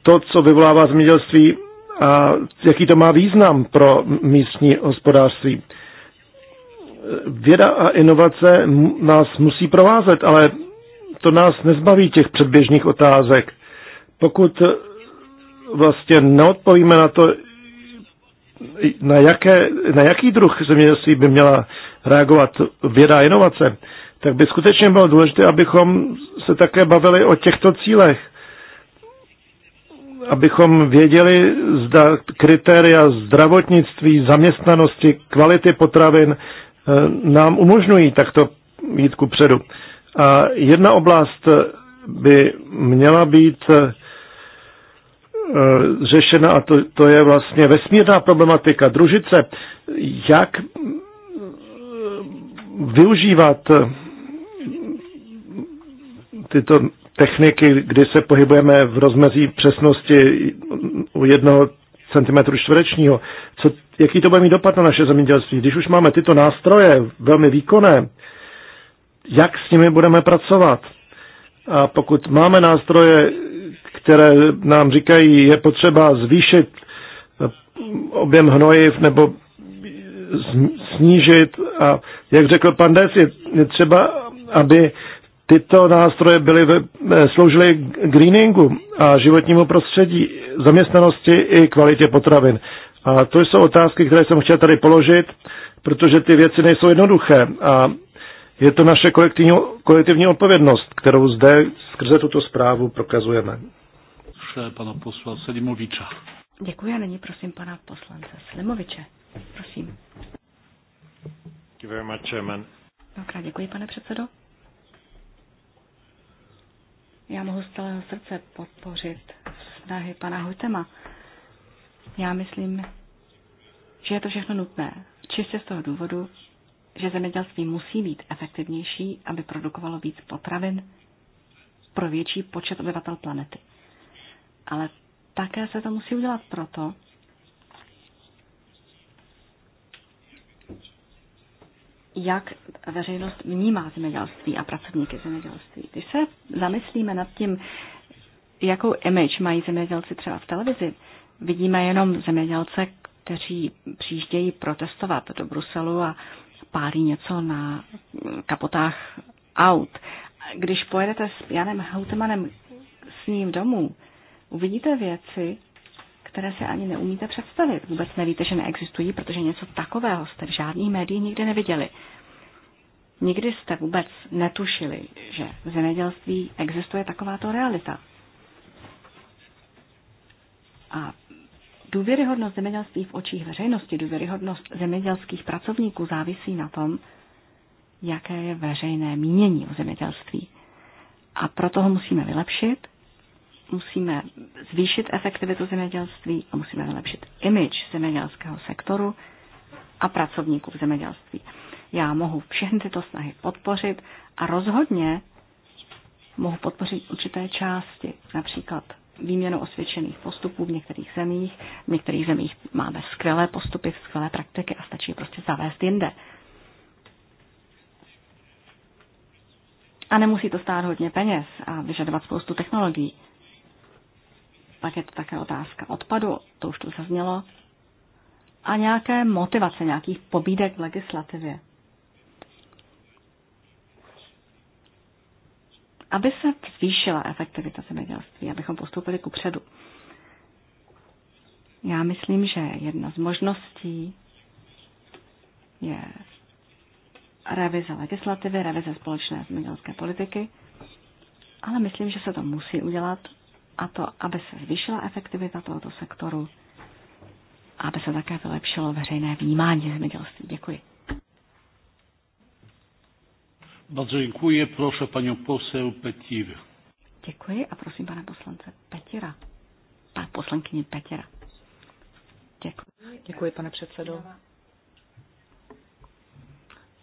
to, co vyvolává zemědělství a jaký to má význam pro místní hospodářství. Věda a inovace nás musí provázet, ale to nás nezbaví těch předběžných otázek. Pokud eh, vlastně neodpovíme na to, na, jaké, na jaký druh zemědělství by měla reagovat věda a inovace, tak by skutečně bylo důležité, abychom se také bavili o těchto cílech. Abychom věděli, zda kritéria zdravotnictví, zaměstnanosti, kvality potravin eh, nám umožňují takto jít ku předu. A jedna oblast by měla být eh, řešena, a to, to je vlastně vesmírná problematika družice, jak eh, využívat eh, tyto techniky, kdy se pohybujeme v rozmezí přesnosti u jednoho centimetru čtverečního. Co, jaký to bude mít dopad na naše zemědělství? Když už máme tyto nástroje velmi výkonné, jak s nimi budeme pracovat. A pokud máme nástroje, které nám říkají, je potřeba zvýšit eh, objem hnojiv nebo snížit a jak řekl pan Des, je, je třeba, aby tyto nástroje byly ve, eh, sloužily greeningu a životnímu prostředí, zaměstnanosti i kvalitě potravin. A to jsou otázky, které jsem chtěl tady položit, protože ty věci nejsou jednoduché a je to naše kolektivní, kolektivní odpovědnost, kterou zde skrze tuto zprávu prokazujeme. pana poslance Selimoviča. Děkuji a nyní prosím pana poslance Slimoviče. Prosím. Děkuji, much, děkuji, pane předsedo. Já mohu z celého srdce podpořit snahy pana Hutema. Já myslím, že je to všechno nutné. Čistě z toho důvodu, že zemědělství musí být efektivnější, aby produkovalo víc potravin pro větší počet obyvatel planety. Ale také se to musí udělat proto, jak veřejnost vnímá zemědělství a pracovníky zemědělství. Když se zamyslíme nad tím, jakou image mají zemědělci třeba v televizi, vidíme jenom zemědělce, kteří přijíždějí protestovat do Bruselu a pálí něco na kapotách aut. Když pojedete s Janem Houtemanem s ním domů, uvidíte věci, které si ani neumíte představit. Vůbec nevíte, že neexistují, protože něco takového jste v žádných médiích nikdy neviděli. Nikdy jste vůbec netušili, že v zemědělství existuje takováto realita. A důvěryhodnost zemědělství v očích veřejnosti, důvěryhodnost zemědělských pracovníků závisí na tom, jaké je veřejné mínění o zemědělství. A proto ho musíme vylepšit, musíme zvýšit efektivitu zemědělství a musíme vylepšit image zemědělského sektoru a pracovníků v zemědělství. Já mohu všechny tyto snahy podpořit a rozhodně mohu podpořit určité části, například výměnu osvědčených postupů v některých zemích. V některých zemích máme skvělé postupy, skvělé praktiky a stačí je prostě zavést jinde. A nemusí to stát hodně peněz a vyžadovat spoustu technologií. Pak je to také otázka odpadu, to už tu zaznělo. A nějaké motivace, nějakých pobídek v legislativě. aby se zvýšila efektivita zemědělství, abychom postoupili ku předu. Já myslím, že jedna z možností je revize legislativy, revize společné zemědělské politiky, ale myslím, že se to musí udělat a to, aby se zvýšila efektivita tohoto sektoru a aby se také vylepšilo veřejné vnímání zemědělství. Děkuji. Bardzo dziękuję. Proszę panią poseł Petir. Děkuji a prosím pana poslance Petira. Pan poslankyně Petira. Děkuji. Děkuji, pane předsedo.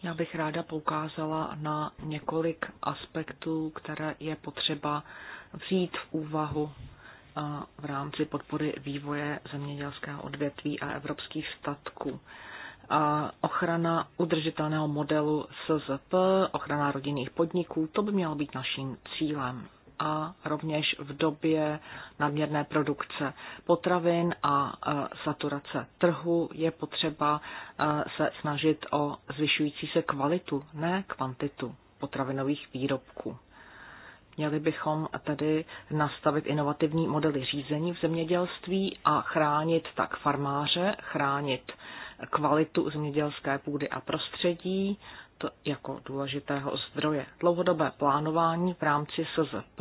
Já bych ráda poukázala na několik aspektů, které je potřeba vzít v úvahu eh, v rámci podpory vývoje zemědělského odvětví a evropských statků ochrana udržitelného modelu SZP, ochrana rodinných podniků, to by mělo být naším cílem a rovněž v době nadměrné produkce potravin a e, saturace trhu je potřeba e, se snažit o zvyšující se kvalitu, ne kvantitu potravinových výrobků. Měli bychom tedy nastavit inovativní modely řízení v zemědělství a chránit tak farmáře, chránit kvalitu zemědělské půdy a prostředí to jako důležitého zdroje. Dlouhodobé plánování v rámci SZP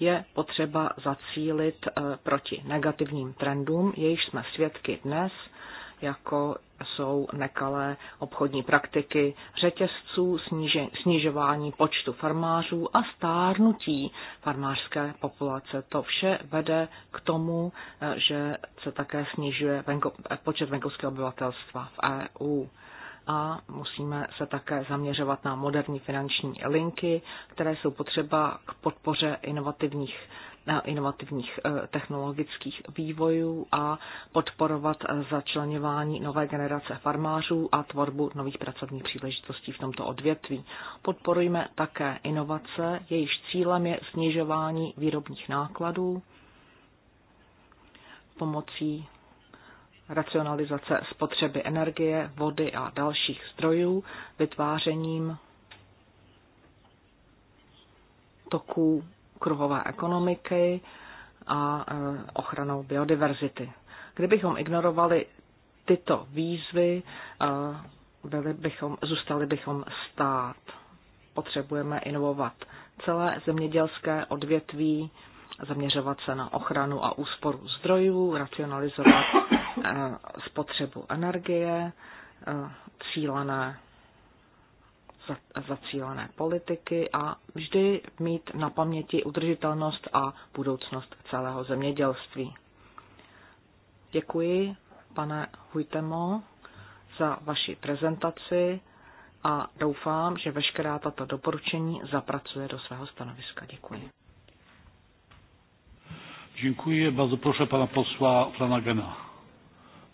je potřeba zacílit eh, proti negativním trendům, jejichž jsme svědky dnes – jako jsou nekalé obchodní praktiky řetězců, sníže, snižování počtu farmářů a stárnutí farmářské populace. To vše vede k tomu, že se také snižuje venko, počet venkovského obyvatelstva v EU a musíme se také zaměřovat na moderní finanční linky, které jsou potřeba k podpoře inovativních inovativních eh, technologických vývojů a podporovat eh, začlenování nové generace farmářů a tvorbu nových pracovních příležitostí v tomto odvětví. Podporujeme také inovace, jejichž cílem je snižování výrobních nákladů pomocí racionalizace spotřeby energie, vody a dalších zdrojů, vytvářením toků kruhové ekonomiky a e, ochranou biodiverzity. Kdybychom ignorovali tyto výzvy, e, byli bychom, zůstali bychom stát. Potřebujeme inovovat celé zemědělské odvětví, zaměřovat se na ochranu a úsporu zdrojů, racionalizovat e, spotřebu energie, cílené zacílené politiky a vždy mít na paměti udržitelnost a budoucnost celého zemědělství. Děkuji, pane Hujtemo, za vaši prezentaci a doufám, že veškerá tato doporučení zapracuje do svého stanoviska. Děkuji. Děkuji. Bardzo proszę pana posła Flanagena.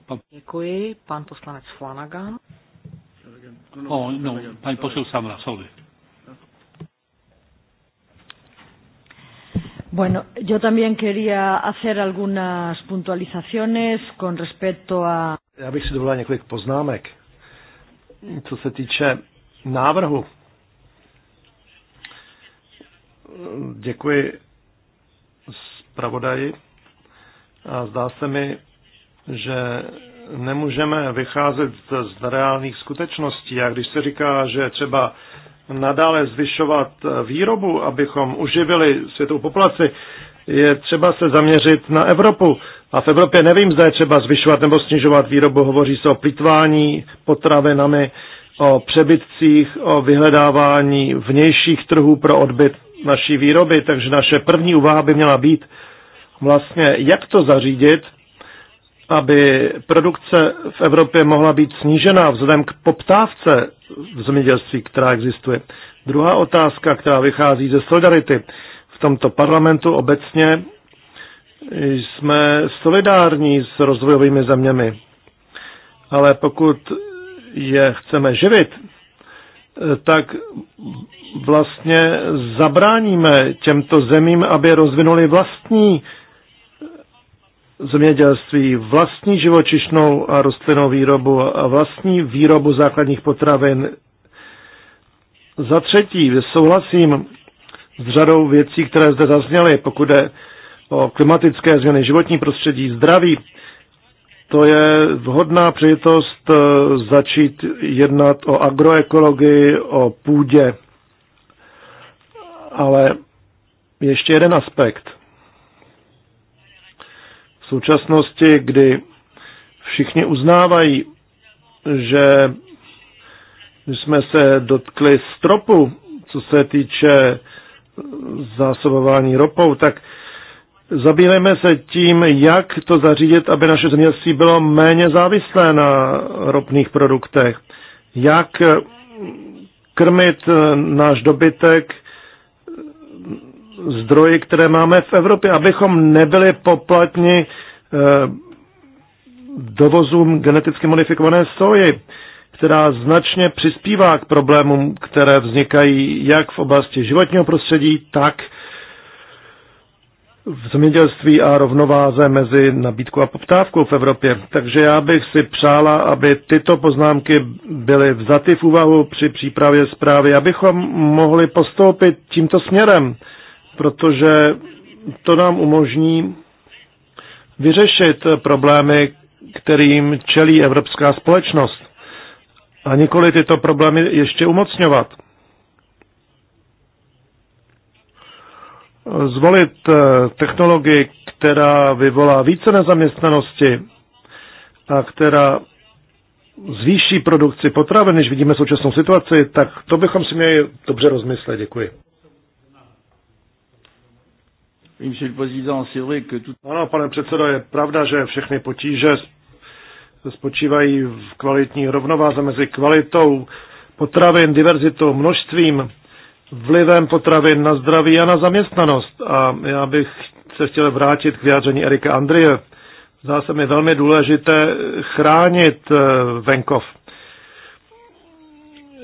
Pan... Děkuji. Pan poslanec Flanagan. No, no, oh, no, no paní posil Samra, sorry. Bueno, yo también quería hacer algunas puntualizaciones con respecto a... Já bych si dovolil několik poznámek, co se týče návrhu. Děkuji zpravodaji. A zdá se mi, že nemůžeme vycházet z reálných skutečností. A když se říká, že třeba nadále zvyšovat výrobu, abychom uživili světovou populaci, je třeba se zaměřit na Evropu. A v Evropě nevím, zda je třeba zvyšovat nebo snižovat výrobu. Hovoří se o plitvání potravinami, o přebytcích, o vyhledávání vnějších trhů pro odbyt naší výroby. Takže naše první úvaha by měla být vlastně, jak to zařídit, aby produkce v Evropě mohla být snížena vzhledem k poptávce v zemědělství, která existuje. Druhá otázka, která vychází ze solidarity. V tomto parlamentu obecně jsme solidární s rozvojovými zeměmi. Ale pokud je chceme živit, tak vlastně zabráníme těmto zemím, aby rozvinuli vlastní zemědělství, vlastní živočišnou a rostlinnou výrobu a vlastní výrobu základních potravin. Za třetí, souhlasím s řadou věcí, které zde zazněly, pokud je o klimatické změny, životní prostředí, zdraví. To je vhodná příležitost eh, začít jednat o agroekologii, o půdě. Ale ještě jeden aspekt – současnosti, kdy všichni uznávají, že jsme se dotkli stropu, co se týče zásobování ropou, tak zabývejme se tím, jak to zařídit, aby naše zemědělství bylo méně závislé na ropných produktech. Jak krmit náš dobytek zdroji, které máme v Evropě, abychom nebyli poplatni eh, dovozům geneticky modifikované soji, která značně přispívá k problémům, které vznikají jak v oblasti životního prostředí, tak v zemědělství a rovnováze mezi nabídkou a poptávkou v Evropě. Takže já bych si přála, aby tyto poznámky byly vzaty v úvahu při přípravě zprávy, abychom mohli postoupit tímto směrem protože to nám umožní vyřešit problémy, kterým čelí evropská společnost a nikoli tyto problémy ještě umocňovat. Zvolit eh, technologii, která vyvolá více nezaměstnanosti a která zvýší produkci potravy, než vidíme současnou situaci, tak to bychom si měli dobře rozmyslet. Děkuji. Ano, pane předsedo, je pravda, že všechny potíže spočívají v kvalitní rovnováze mezi kvalitou potravin, diverzitou, množstvím, vlivem potravin na zdraví a na zaměstnanost. A já bych se chtěl vrátit k vyjádření Erika Andrie. Zdá se mi velmi důležité chránit eh, venkov.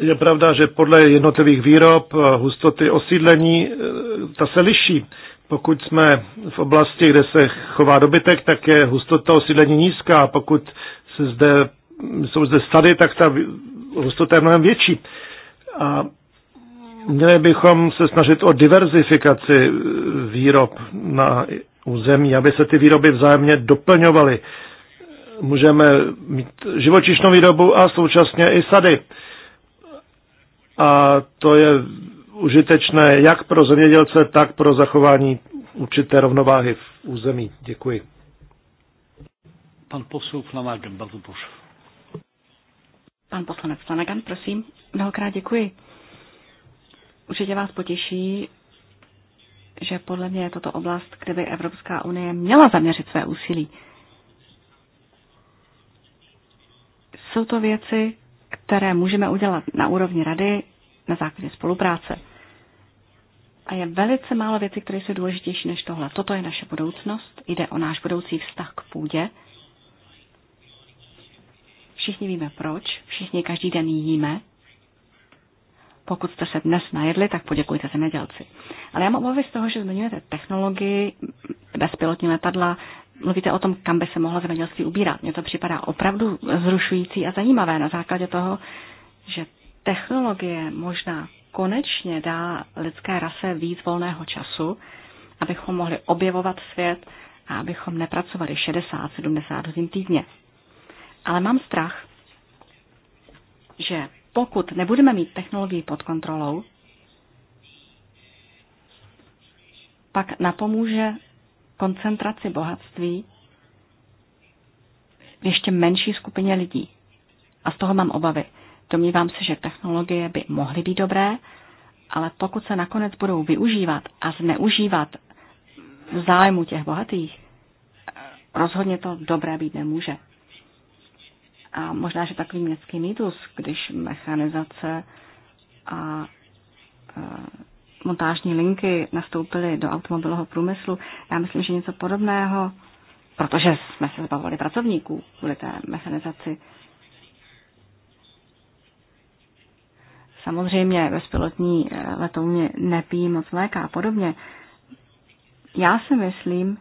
Je pravda, že podle jednotlivých výrob hustoty osídlení eh, ta se liší. Pokud jsme v oblasti, kde se chová dobytek, tak je hustota osídlení nízká. Pokud se zde, jsou zde stady, tak ta hustota je mnohem větší. A měli bychom se snažit o diverzifikaci výrob na území, aby se ty výroby vzájemně doplňovaly. Můžeme mít živočišnou výrobu a současně i sady. A to je užitečné jak pro zemědělce, tak pro zachování určité rovnováhy v území. Děkuji. Pan poslanec Flanagan, bardzo proszę. Pan poslanec Flanagan, prosím. Mnohokrát děkuji. Určitě vás potěší, že podle mě je toto oblast, kde by Evropská unie měla zaměřit své úsilí. Jsou to věci, které můžeme udělat na úrovni rady na základě spolupráce. A je velice málo věcí, které jsou důležitější než tohle. Toto je naše budoucnost, jde o náš budoucí vztah k půdě. Všichni víme proč, všichni každý den jíme. Pokud jste se dnes najedli, tak poděkujte zemědělci. Ale já mám obavy z toho, že zmiňujete technologii, bezpilotní letadla, mluvíte o tom, kam by se mohla zemědělství ubírat. Mně to připadá opravdu zrušující a zajímavé na základě toho, že technologie možná konečně dá lidské rase víc volného času, abychom mohli objevovat svět a abychom nepracovali 60-70 hodin týdně. Ale mám strach, že pokud nebudeme mít technologii pod kontrolou, pak napomůže koncentraci bohatství v ještě menší skupině lidí. A z toho mám obavy. Domnívám se, že technologie by mohly být dobré, ale pokud se nakonec budou využívat a zneužívat v zájmu těch bohatých, rozhodně to dobré být nemůže. A možná, že takový městský mýtus, když mechanizace a e, montážní linky nastoupily do automobilového průmyslu. Já myslím, že něco podobného, protože jsme se zbavovali pracovníků kvůli té mechanizaci, Samozřejmě bezpilotní eh, letouně nepijí moc mléka a podobně. Já si myslím,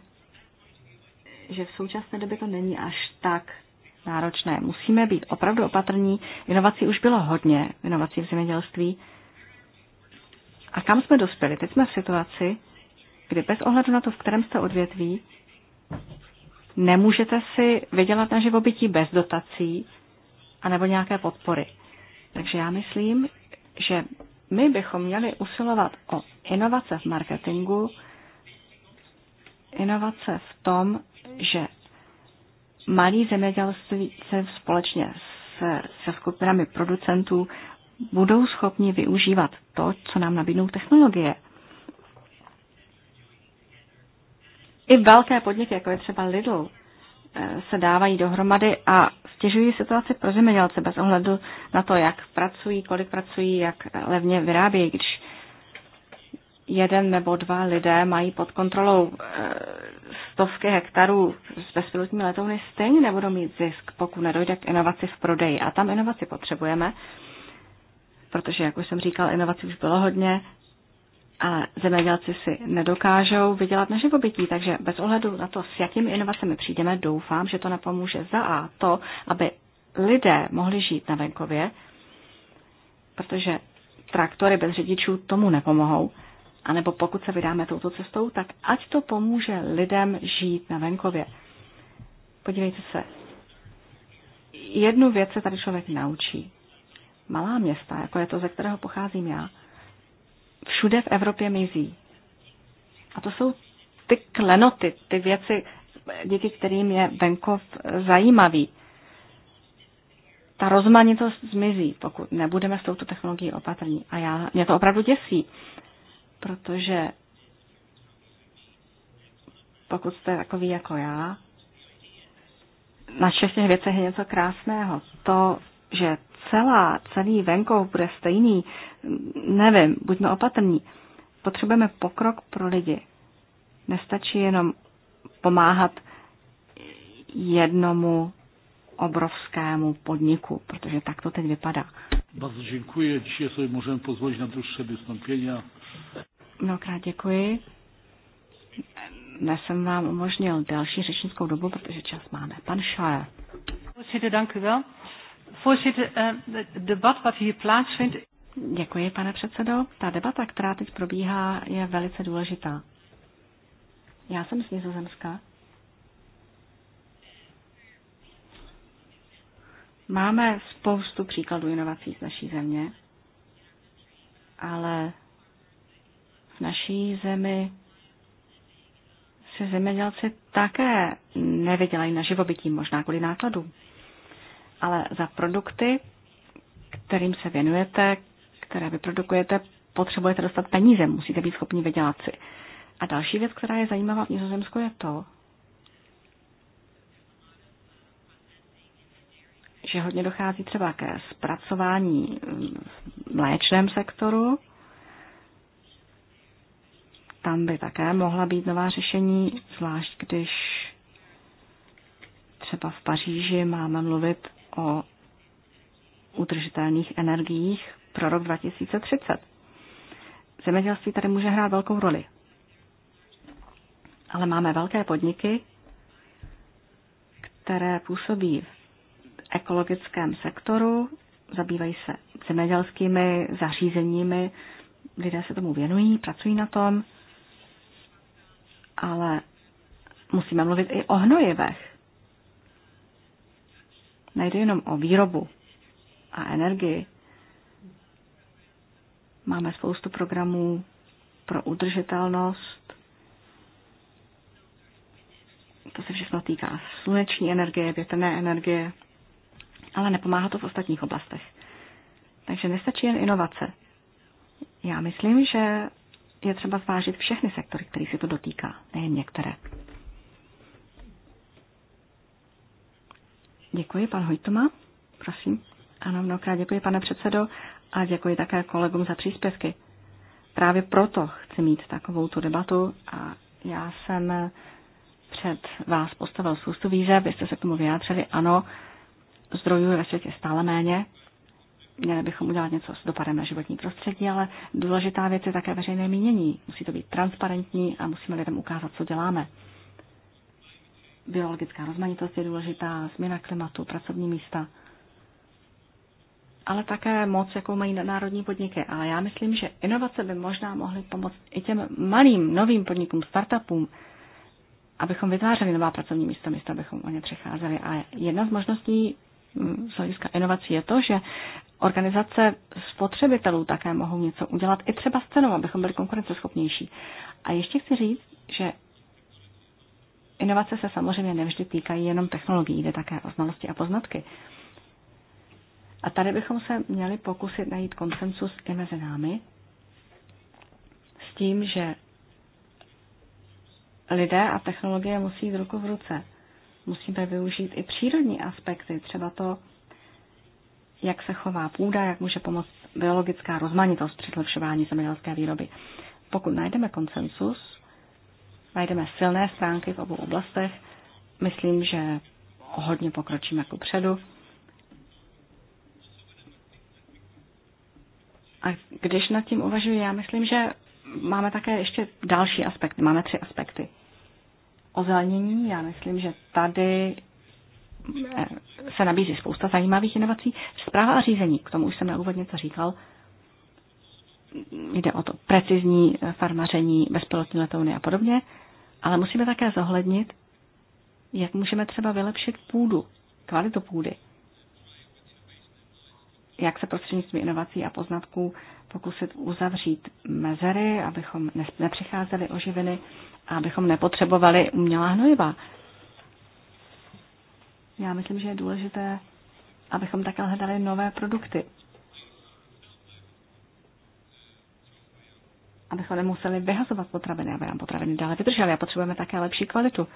že v současné době to není až tak náročné. Musíme být opravdu opatrní. Inovací už bylo hodně, inovací v zemědělství. A kam jsme dospěli? Teď jsme v situaci, kdy bez ohledu na to, v kterém jste odvětví, nemůžete si vydělat na živobytí bez dotací anebo nějaké podpory. Takže já myslím, že my bychom měli usilovat o inovace v marketingu, inovace v tom, že malí zemědělství se společně se, se skupinami producentů budou schopni využívat to, co nám nabídnou technologie. I velké podniky, jako je třeba Lidl, se dávají dohromady a stěžují situaci pro zemědělce bez ohledu na to, jak pracují, kolik pracují, jak levně vyrábějí. Když jeden nebo dva lidé mají pod kontrolou eh, stovky hektarů s bezpilotními letouny, stejně nebudou mít zisk, pokud nedojde k inovaci v prodeji. A tam inovaci potřebujeme, protože, jak už jsem říkal, inovací už bylo hodně, ale zemědělci si nedokážou vydělat na živobytí, takže bez ohledu na to, s jakými inovacemi přijdeme, doufám, že to napomůže za A to, aby lidé mohli žít na venkově, protože traktory bez řidičů tomu nepomohou, anebo pokud se vydáme touto cestou, tak ať to pomůže lidem žít na venkově. Podívejte se, jednu věc se tady člověk naučí. Malá města, jako je to, ze kterého pocházím já, všude v Evropě mizí. A to jsou ty klenoty, ty věci, díky kterým je venkov zajímavý. Ta rozmanitost zmizí, pokud nebudeme s touto technologií opatrní. A já, mě to opravdu děsí, protože pokud jste takový jako já, na všech těch věcech je něco krásného. To že celá, celý venkov bude stejný, nevím, buďme opatrní. Potřebujeme pokrok pro lidi. Nestačí jenom pomáhat jednomu obrovskému podniku, protože tak to teď vypadá. Bardzo dziękuję. Dzisiaj sobie możemy pozwolić na dłuższe wystąpienia. Mnohokrát děkuji. Dnes jsem vám umožnil další řečnickou dobu, protože čas máme. Pan děkuji. Voorzitter, eh, het debat wat hier plaatsvindt. Děkuji, pane předsedo. Ta debata, která teď probíhá, je velice důležitá. Já jsem z Nizozemska. Máme spoustu příkladů inovací z naší země, ale v naší zemi si zemědělci také nevydělají na živobytí, možná kvůli nákladům ale za produkty, kterým se věnujete, které vyprodukujete, potřebujete dostat peníze, musíte být schopni vydělat si. A další věc, která je zajímavá v Nizozemsku, je to, že hodně dochází třeba ke zpracování v mléčném sektoru. Tam by také mohla být nová řešení, zvlášť když třeba v Paříži máme mluvit o udržitelných energiích pro rok 2030. Zemědělství tady může hrát velkou roli. Ale máme velké podniky, které působí v ekologickém sektoru, zabývají se zemědělskými zařízeními, lidé se tomu věnují, pracují na tom, ale musíme mluvit i o hnojivech nejde jenom o výrobu a energii. Máme spoustu programů pro udržitelnost. To se všechno týká sluneční energie, větrné energie, ale nepomáhá to v ostatních oblastech. Takže nestačí jen inovace. Já myslím, že je třeba zvážit všechny sektory, které se to dotýká, nejen některé. Děkuji, pan Hojtoma. Prosím. Ano, mnohokrát děkuji, pane předsedo, a děkuji také kolegům za příspěvky. Právě proto chci mít takovou tu debatu a já jsem před vás postavil spoustu výzev, vy jste se k tomu vyjádřili, ano, zdrojů ve světě stále méně, měli bychom udělat něco s dopadem na životní prostředí, ale důležitá věc je také veřejné mínění. Musí to být transparentní a musíme lidem ukázat, co děláme biologická rozmanitost je důležitá, změna klimatu, pracovní místa, ale také moc, jakou mají národní podniky. Ale já myslím, že inovace by možná mohly pomoct i těm malým, novým podnikům, startupům, abychom vytvářeli nová pracovní místa, místa, abychom o ně přecházeli. A jedna z možností mm, z hlediska inovací je to, že organizace spotřebitelů také mohou něco udělat i třeba s cenou, abychom byli konkurenceschopnější. A ještě chci říct, že Inovace se samozřejmě nevždy týkají jenom technologií, jde také o znalosti a poznatky. A tady bychom se měli pokusit najít konsensus i mezi námi s tím, že lidé a technologie musí jít ruku v ruce. Musíme využít i přírodní aspekty, třeba to, jak se chová půda, jak může pomoct biologická rozmanitost při zlepšování zemědělské výroby. Pokud najdeme konsensus, Najdeme silné stránky v obou oblastech. Myslím, že hodně pokročíme ku předu. A když nad tím uvažuji, já myslím, že máme také ještě další aspekty. Máme tři aspekty. Ozelenění, já myslím, že tady eh, se nabízí spousta zajímavých inovací. Zpráva a řízení, k tomu už jsem na úvodně co říkal, jde o to precizní eh, farmaření, bezpilotní letouny a podobně, ale musíme také zohlednit, jak můžeme třeba vylepšit půdu, kvalitu půdy. Jak se prostřednictvím inovací a poznatků pokusit uzavřít mezery, abychom nepřicházeli o živiny a abychom nepotřebovali umělá hnojiva. Já myslím, že je důležité, abychom také hledali nové produkty, abychom nemuseli vyhazovat potraviny, aby nám potraviny dále vydržely a potřebujeme také lepší kvalitu.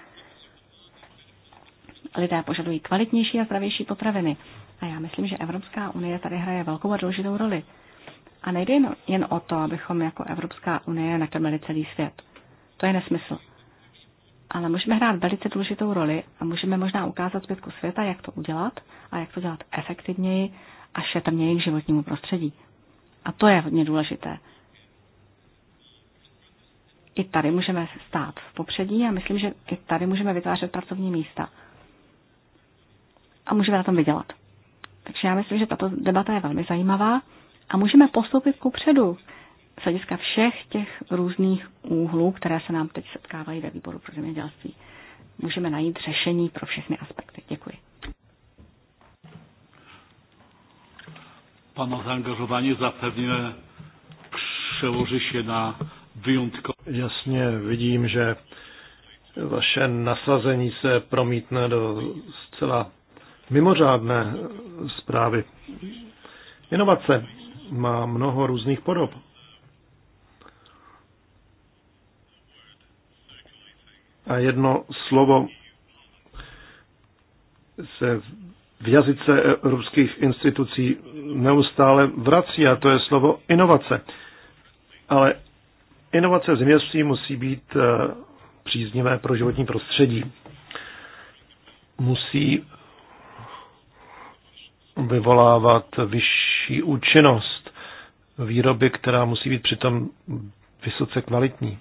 Lidé požadují kvalitnější a zdravější potraviny a já myslím, že Evropská unie tady hraje velkou a důležitou roli. A nejde jen, jen o to, abychom jako Evropská unie nakrmili celý svět. To je nesmysl. Ale můžeme hrát velice důležitou roli a můžeme možná ukázat zbytku světa, jak to udělat a jak to dělat efektivněji a šetrněji k životnímu prostředí. A to je hodně důležité i tady můžeme stát v popředí a myslím, že i tady můžeme vytvářet pracovní místa. A můžeme na tom vydělat. Takže já myslím, že tato debata je velmi zajímavá a můžeme postoupit ku předu z hlediska všech těch různých úhlů, které se nám teď setkávají ve výboru pro zemědělství. Můžeme najít řešení pro všechny aspekty. Děkuji. Pano zaangażowanie zapewne przełoży się na výjimko. Jasně vidím, že vaše nasazení se promítne do zcela mimořádné zprávy. Inovace má mnoho různých podob. A jedno slovo se v jazyce evropských institucí neustále vrací, a to je slovo inovace. Ale Inovace v zemědělství musí být eh, příznivé pro životní prostředí. Musí vyvolávat vyšší účinnost výroby, která musí být přitom vysoce kvalitní.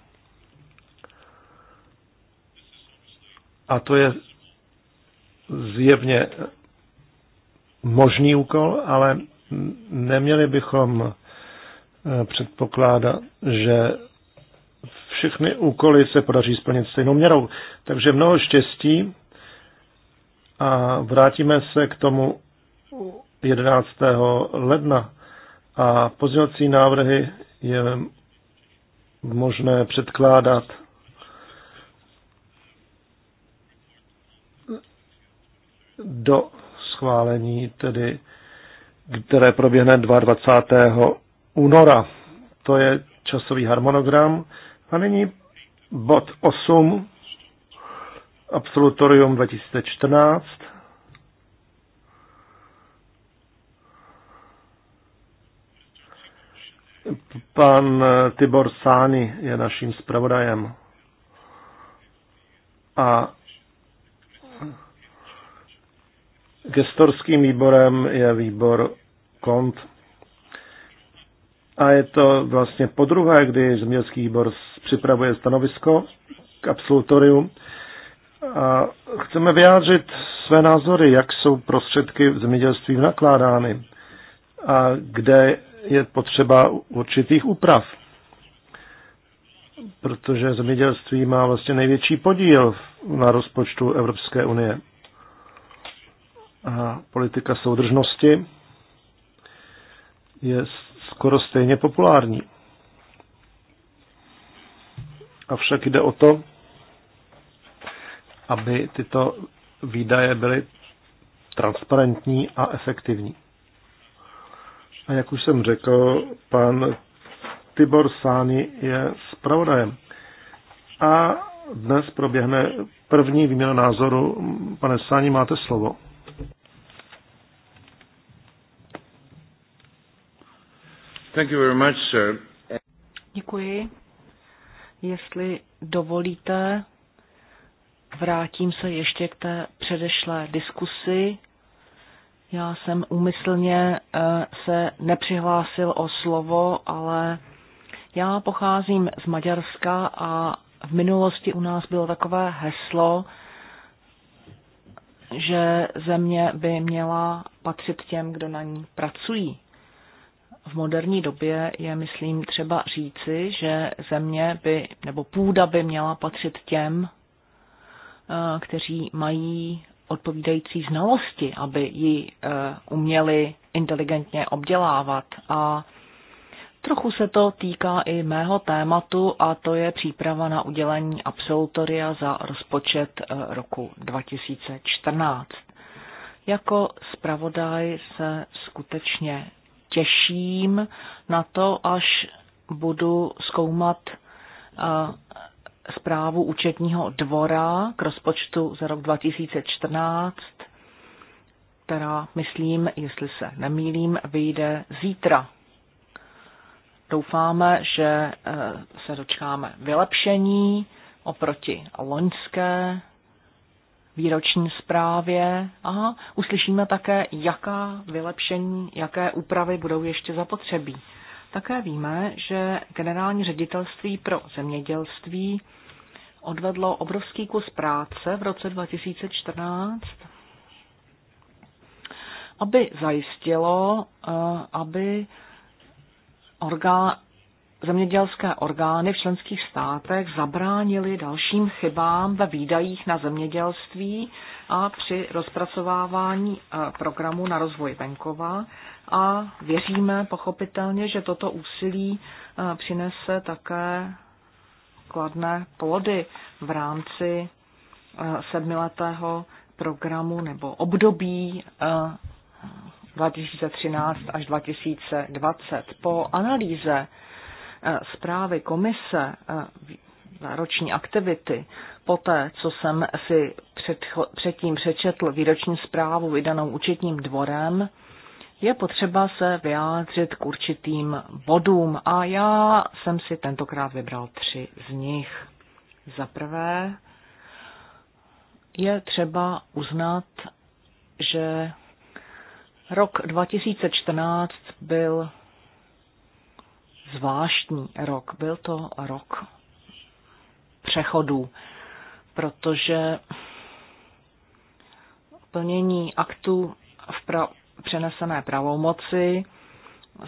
A to je zjevně možný úkol, ale neměli bychom eh, předpokládat, že všechny úkoly se podaří splnit stejnou měrou. Takže mnoho štěstí a vrátíme se k tomu 11. ledna. A pozdělací návrhy je možné předkládat do schválení, tedy, které proběhne 22. února. To je časový harmonogram. A nyní bod 8, absolutorium 2014. Pan Tibor Sány je naším zpravodajem. A gestorským výborem je výbor KONT. A je to vlastně podruhé, kdy zemědělský výbor připravuje stanovisko k absolutoriu. A chceme vyjádřit své názory, jak jsou prostředky v zemědělství nakládány a kde je potřeba určitých úprav. Protože zemědělství má vlastně největší podíl na rozpočtu Evropské unie. A politika soudržnosti je skoro stejně populární. Avšak jde o to, aby tyto výdaje byly transparentní a efektivní. A jak už jsem řekl, pan Tibor Sány je zpravodajem. A dnes proběhne první výměna názoru. Pane Sáni, máte slovo. Thank you very much, sir. Děkuji. Jestli dovolíte, vrátím se ještě k té předešlé diskusi. Já jsem úmyslně eh, se nepřihlásil o slovo, ale já pocházím z Maďarska a v minulosti u nás bylo takové heslo, že země by měla patřit těm, kdo na ní pracují v moderní době je, myslím, třeba říci, že země by, nebo půda by měla patřit těm, eh, kteří mají odpovídající znalosti, aby ji eh, uměli inteligentně obdělávat. A trochu se to týká i mého tématu a to je příprava na udělení absolutoria za rozpočet eh, roku 2014. Jako zpravodaj se skutečně těším na to, až budu zkoumat eh, zprávu účetního dvora k rozpočtu za rok 2014, která, myslím, jestli se nemýlím, vyjde zítra. Doufáme, že eh, se dočkáme vylepšení oproti loňské výroční zprávě a uslyšíme také, jaká vylepšení, jaké úpravy budou ještě zapotřebí. Také víme, že generální ředitelství pro zemědělství odvedlo obrovský kus práce v roce 2014, aby zajistilo, eh, aby orgán, zemědělské orgány v členských státech zabránili dalším chybám ve výdajích na zemědělství a při rozpracovávání eh, programu na rozvoj venkova a věříme pochopitelně, že toto úsilí eh, přinese také kladné plody v rámci eh, sedmiletého programu nebo období 2013 až 2020. Po analýze Eh, zprávy komise eh, roční aktivity, poté, co jsem si předcho, předtím přečetl výroční zprávu vydanou účetním dvorem, je potřeba se vyjádřit k určitým bodům a já jsem si tentokrát vybral tři z nich. Za prvé je třeba uznat, že rok 2014 byl zvláštní rok. Byl to rok přechodů, protože plnění aktů v pra- přenesené pravomoci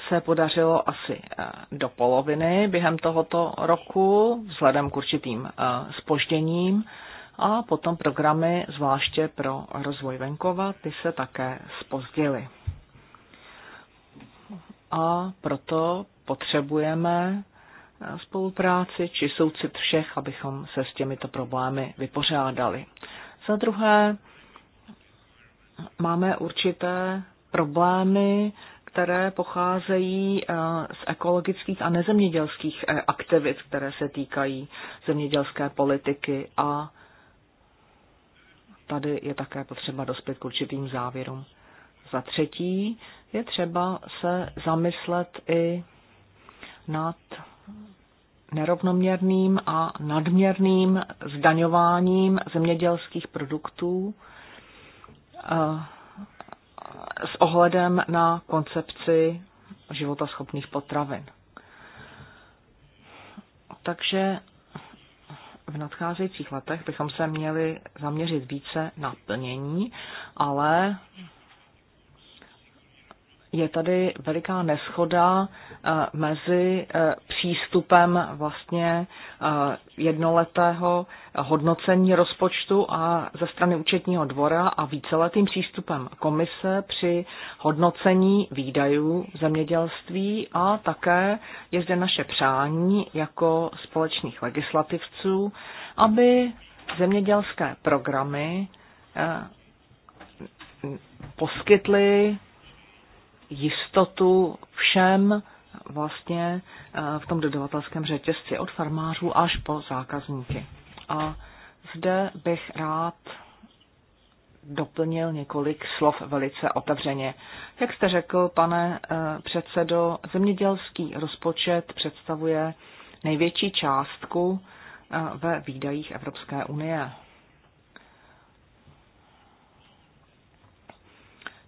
se podařilo asi eh, do poloviny během tohoto roku, vzhledem k určitým spožděním, eh, a potom programy zvláště pro rozvoj venkova, ty se také spozdily. A proto potřebujeme eh, spolupráci či soucit všech, abychom se s těmito problémy vypořádali. Za druhé, máme určité problémy, které pocházejí eh, z ekologických a nezemědělských eh, aktivit, které se týkají zemědělské politiky a tady je také potřeba dospět k určitým závěrům. Za třetí je třeba se zamyslet i nad nerovnoměrným a nadměrným zdaňováním zemědělských produktů eh, s ohledem na koncepci životaschopných potravin. Takže v nadcházejících letech bychom se měli zaměřit více na plnění, ale je tady veliká neschoda eh, mezi eh, přístupem vlastně eh, jednoletého hodnocení rozpočtu a ze strany účetního dvora a víceletým přístupem komise při hodnocení výdajů zemědělství a také je zde naše přání jako společných legislativců, aby zemědělské programy poskytly jistotu všem vlastně eh, v tom dodavatelském řetězci od farmářů až po zákazníky. A zde bych rád doplnil několik slov velice otevřeně. Jak jste řekl, pane eh, předsedo, zemědělský rozpočet představuje největší částku eh, ve výdajích Evropské unie.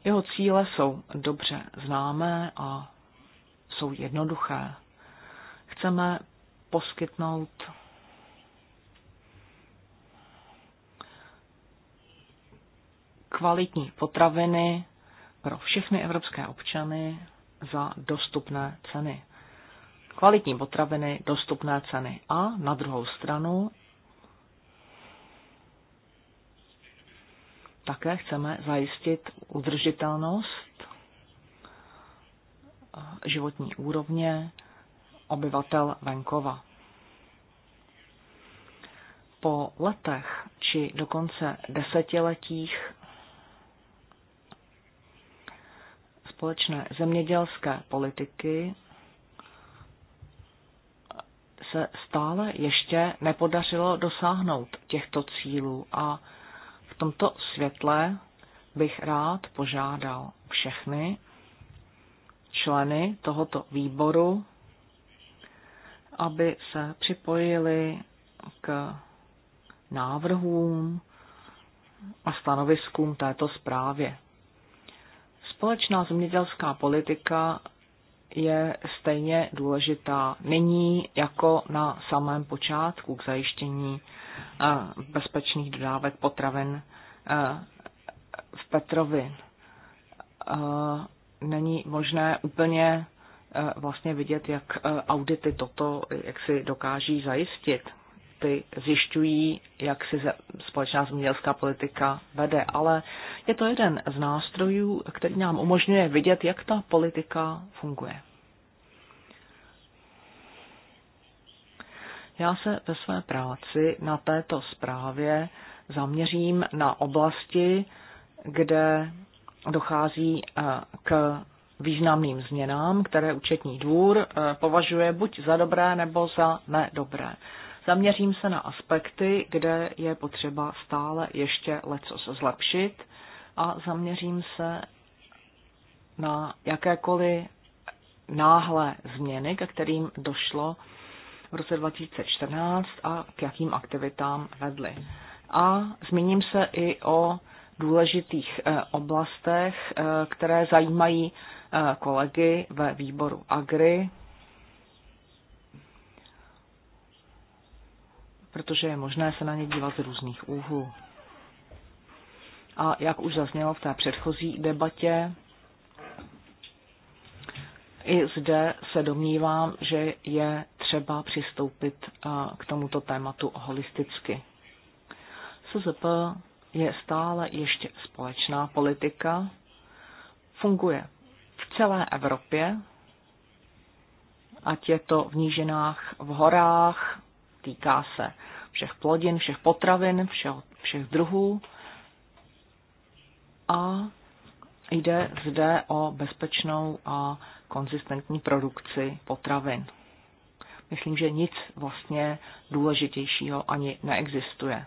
Jeho cíle jsou dobře známé a jsou jednoduché. Chceme poskytnout kvalitní potraviny pro všechny evropské občany za dostupné ceny. Kvalitní potraviny, dostupné ceny. A na druhou stranu také chceme zajistit udržitelnost eh, životní úrovně obyvatel venkova. Po letech či dokonce desetiletích společné zemědělské politiky se stále ještě nepodařilo dosáhnout těchto cílů a v tomto světle bych rád požádal všechny členy tohoto výboru, aby se připojili k návrhům a stanoviskům této zprávě. Společná zemědělská politika je stejně důležitá nyní jako na samém počátku k zajištění bezpečných dodávek potravin eh, v Petrovi. Eh, není možné úplně eh, vlastně vidět, jak audity toto, jak si dokáží zajistit. Ty zjišťují, jak si společná zemědělská politika vede, ale je to jeden z nástrojů, který nám umožňuje vidět, jak ta politika funguje. Já se ve své práci na této zprávě zaměřím na oblasti, kde dochází eh, k významným změnám, které účetní dvůr eh, považuje buď za dobré nebo za nedobré. Zaměřím se na aspekty, kde je potřeba stále ještě leco zlepšit a zaměřím se na jakékoliv náhlé změny, ke kterým došlo roce 2014 a k jakým aktivitám vedly. A zmíním se i o důležitých eh, oblastech, eh, které zajímají eh, kolegy ve výboru Agri, protože je možné se na ně dívat z různých úhlů. A jak už zaznělo v té předchozí debatě, i zde se domnívám, že je třeba přistoupit k tomuto tématu holisticky. SZP je stále ještě společná politika, funguje v celé Evropě, ať je to v nížinách, v horách, týká se všech plodin, všech potravin, všeho, všech druhů a Jde zde o bezpečnou a konzistentní produkci potravin. Myslím, že nic vlastně důležitějšího ani neexistuje.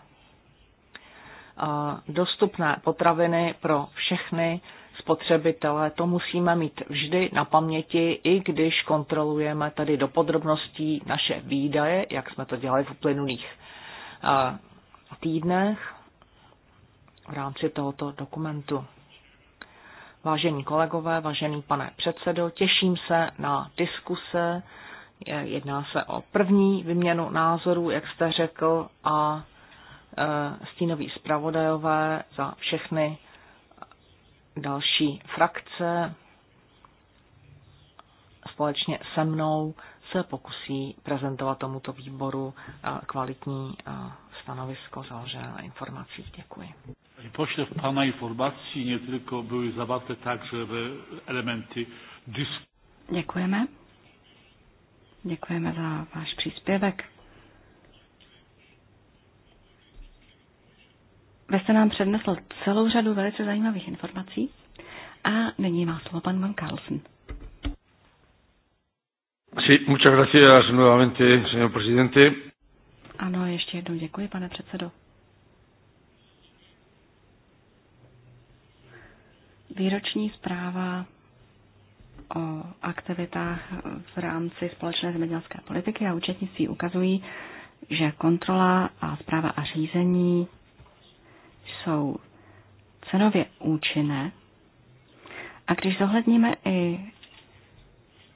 Dostupné potraviny pro všechny spotřebitele, to musíme mít vždy na paměti, i když kontrolujeme tady do podrobností naše výdaje, jak jsme to dělali v uplynulých týdnech v rámci tohoto dokumentu. Vážení kolegové, vážený pane předsedo, těším se na diskuse. Jedná se o první vyměnu názorů, jak jste řekl, a e, stínoví zpravodajové za všechny další frakce společně se mnou se pokusí prezentovat tomuto výboru e, kvalitní e, stanovisko založené na informacích. Děkuji. Panie pośle, w Pana informacji nie tylko były zawarte także elementy dyskusji. Děkujeme. Děkujeme za váš příspěvek. Vy jste nám přednesl celou řadu velice zajímavých informací a nyní má slovo pan Van Carlsen. Sí, muchas gracias nuevamente, señor presidente. Ano, ještě jednou děkuji, pane předsedo. Výroční zpráva o aktivitách v rámci společné zemědělské politiky a účetnictví ukazují, že kontrola a zpráva a řízení jsou cenově účinné. A když zohledníme i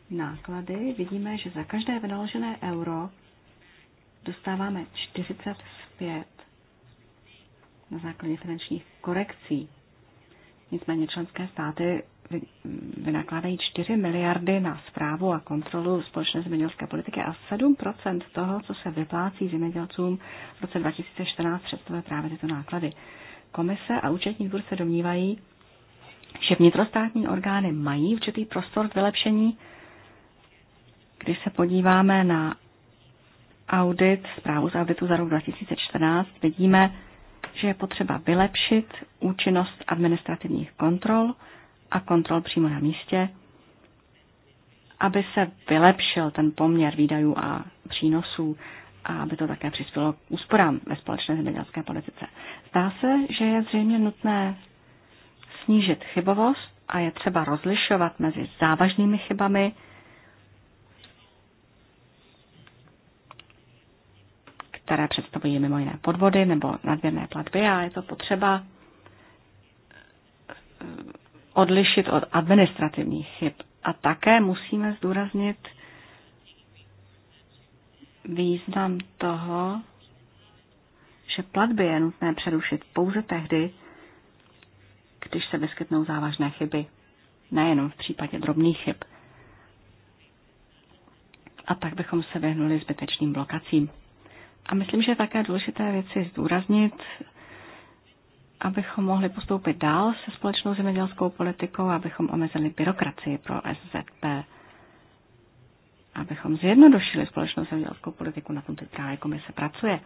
náklady, vidíme, že za každé vynaložené euro dostáváme 45 na základě finančních korekcí Nicméně členské státy vynakládají 4 miliardy na zprávu a kontrolu společné zemědělské politiky a 7 toho, co se vyplácí zemědělcům v roce 2014, představuje právě tyto náklady. Komise a účetní dvůr se domnívají, že vnitrostátní orgány mají určitý prostor k vylepšení. Když se podíváme na audit, zprávu z auditu za rok 2014, vidíme, že je potřeba vylepšit účinnost administrativních kontrol a kontrol přímo na místě, aby se vylepšil ten poměr výdajů a přínosů a aby to také přispělo k úsporám ve společné zemědělské politice. Zdá se, že je zřejmě nutné snížit chybovost a je třeba rozlišovat mezi závažnými chybami, které představují mimo jiné podvody nebo nadměrné platby a je to potřeba eh, odlišit od administrativních chyb. A také musíme zdůraznit význam toho, že platby je nutné přerušit pouze tehdy, když se vyskytnou závažné chyby, nejenom v případě drobných chyb. A tak bychom se vyhnuli zbytečným blokacím. A myslím, že je také důležité věci zdůraznit, abychom mohli postoupit dál se společnou zemědělskou politikou, abychom omezili byrokracii pro SZP, abychom zjednodušili společnou zemědělskou politiku, na tom teď právě komise pracuje.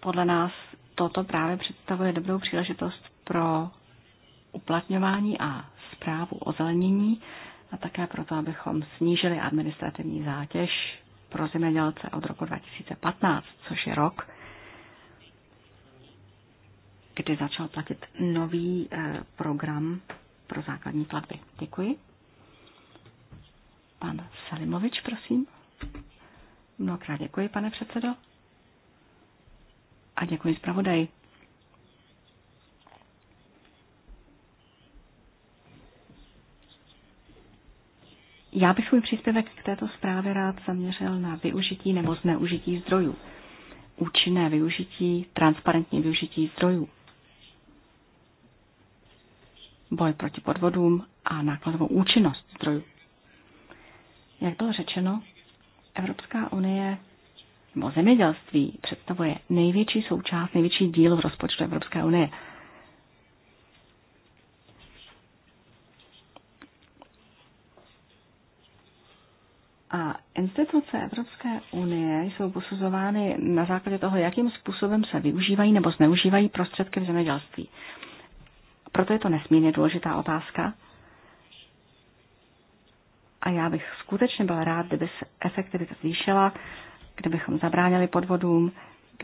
Podle nás toto právě představuje dobrou příležitost pro uplatňování a zprávu ozelenění a také proto, abychom snížili administrativní zátěž pro zemědělce od roku 2015, což je rok, kdy začal platit nový eh, program pro základní platby. Děkuji. Pan Salimovič, prosím. Mnohokrát děkuji, pane předsedo. A děkuji zpravodaji. Já bych svůj příspěvek k této zprávě rád zaměřil na využití nebo zneužití zdrojů. Účinné využití, transparentní využití zdrojů. Boj proti podvodům a nákladovou účinnost zdrojů. Jak bylo řečeno, Evropská unie nebo zemědělství představuje největší součást, největší díl v rozpočtu Evropské unie – A instituce Evropské unie jsou posuzovány na základě toho, jakým způsobem se využívají nebo zneužívají prostředky v zemědělství. Proto je to nesmírně důležitá otázka. A já bych skutečně byl rád, kdyby se efektivita zvýšila, kdybychom zabránili podvodům,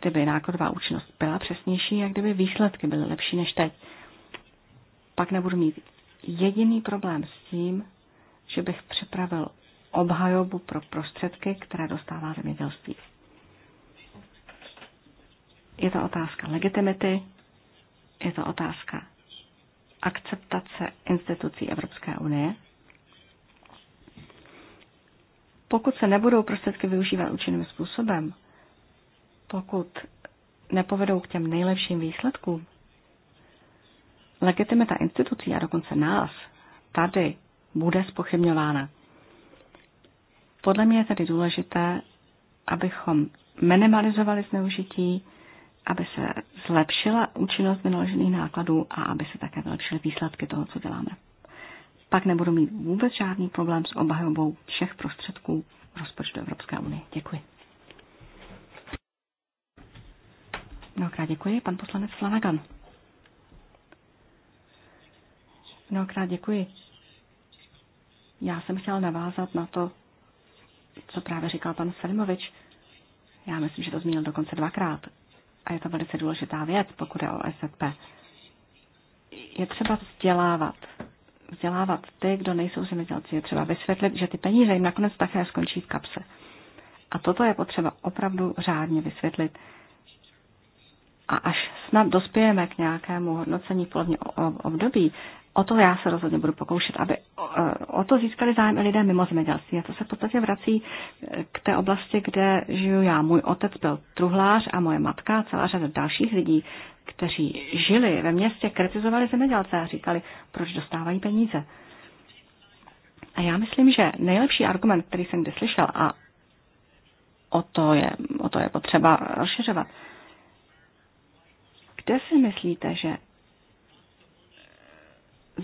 kdyby nákladová účinnost byla přesnější a kdyby výsledky byly lepší než teď. Pak nebudu mít jediný problém s tím, že bych připravil obhajobu pro prostředky, které dostává zemědělství. Je to otázka legitimity, je to otázka akceptace institucí Evropské unie. Pokud se nebudou prostředky využívat účinným způsobem, pokud nepovedou k těm nejlepším výsledkům, legitimita institucí a dokonce nás tady bude spochybňována. Podle mě je tedy důležité, abychom minimalizovali zneužití, aby se zlepšila účinnost vynaložených nákladů a aby se také vylepšily výsledky toho, co děláme. Pak nebudu mít vůbec žádný problém s obhajobou všech prostředků rozpočtu Evropské unie. Děkuji. Mnohokrát děkuji. Pan poslanec Flanagan. Mnohokrát děkuji. Já jsem chtěla navázat na to, co právě říkal pan Selimovič. Já myslím, že to zmínil dokonce dvakrát. A je to velice důležitá věc, pokud je o SZP. Je třeba vzdělávat. Vzdělávat ty, kdo nejsou zemědělci. Je třeba vysvětlit, že ty peníze jim nakonec také skončí v kapse. A toto je potřeba opravdu řádně vysvětlit. A až snad dospějeme k nějakému hodnocení v období, O to já se rozhodně budu pokoušet, aby e, o to získali zájem i lidé mimo zemědělství. A to se v podstatě vrací e, k té oblasti, kde žiju já. Můj otec byl truhlář a moje matka a celá řada dalších lidí, kteří žili ve městě, kritizovali zemědělce a říkali, proč dostávají peníze. A já myslím, že nejlepší argument, který jsem kdy slyšel, a o to je, o to je potřeba rozšiřovat, kde si myslíte, že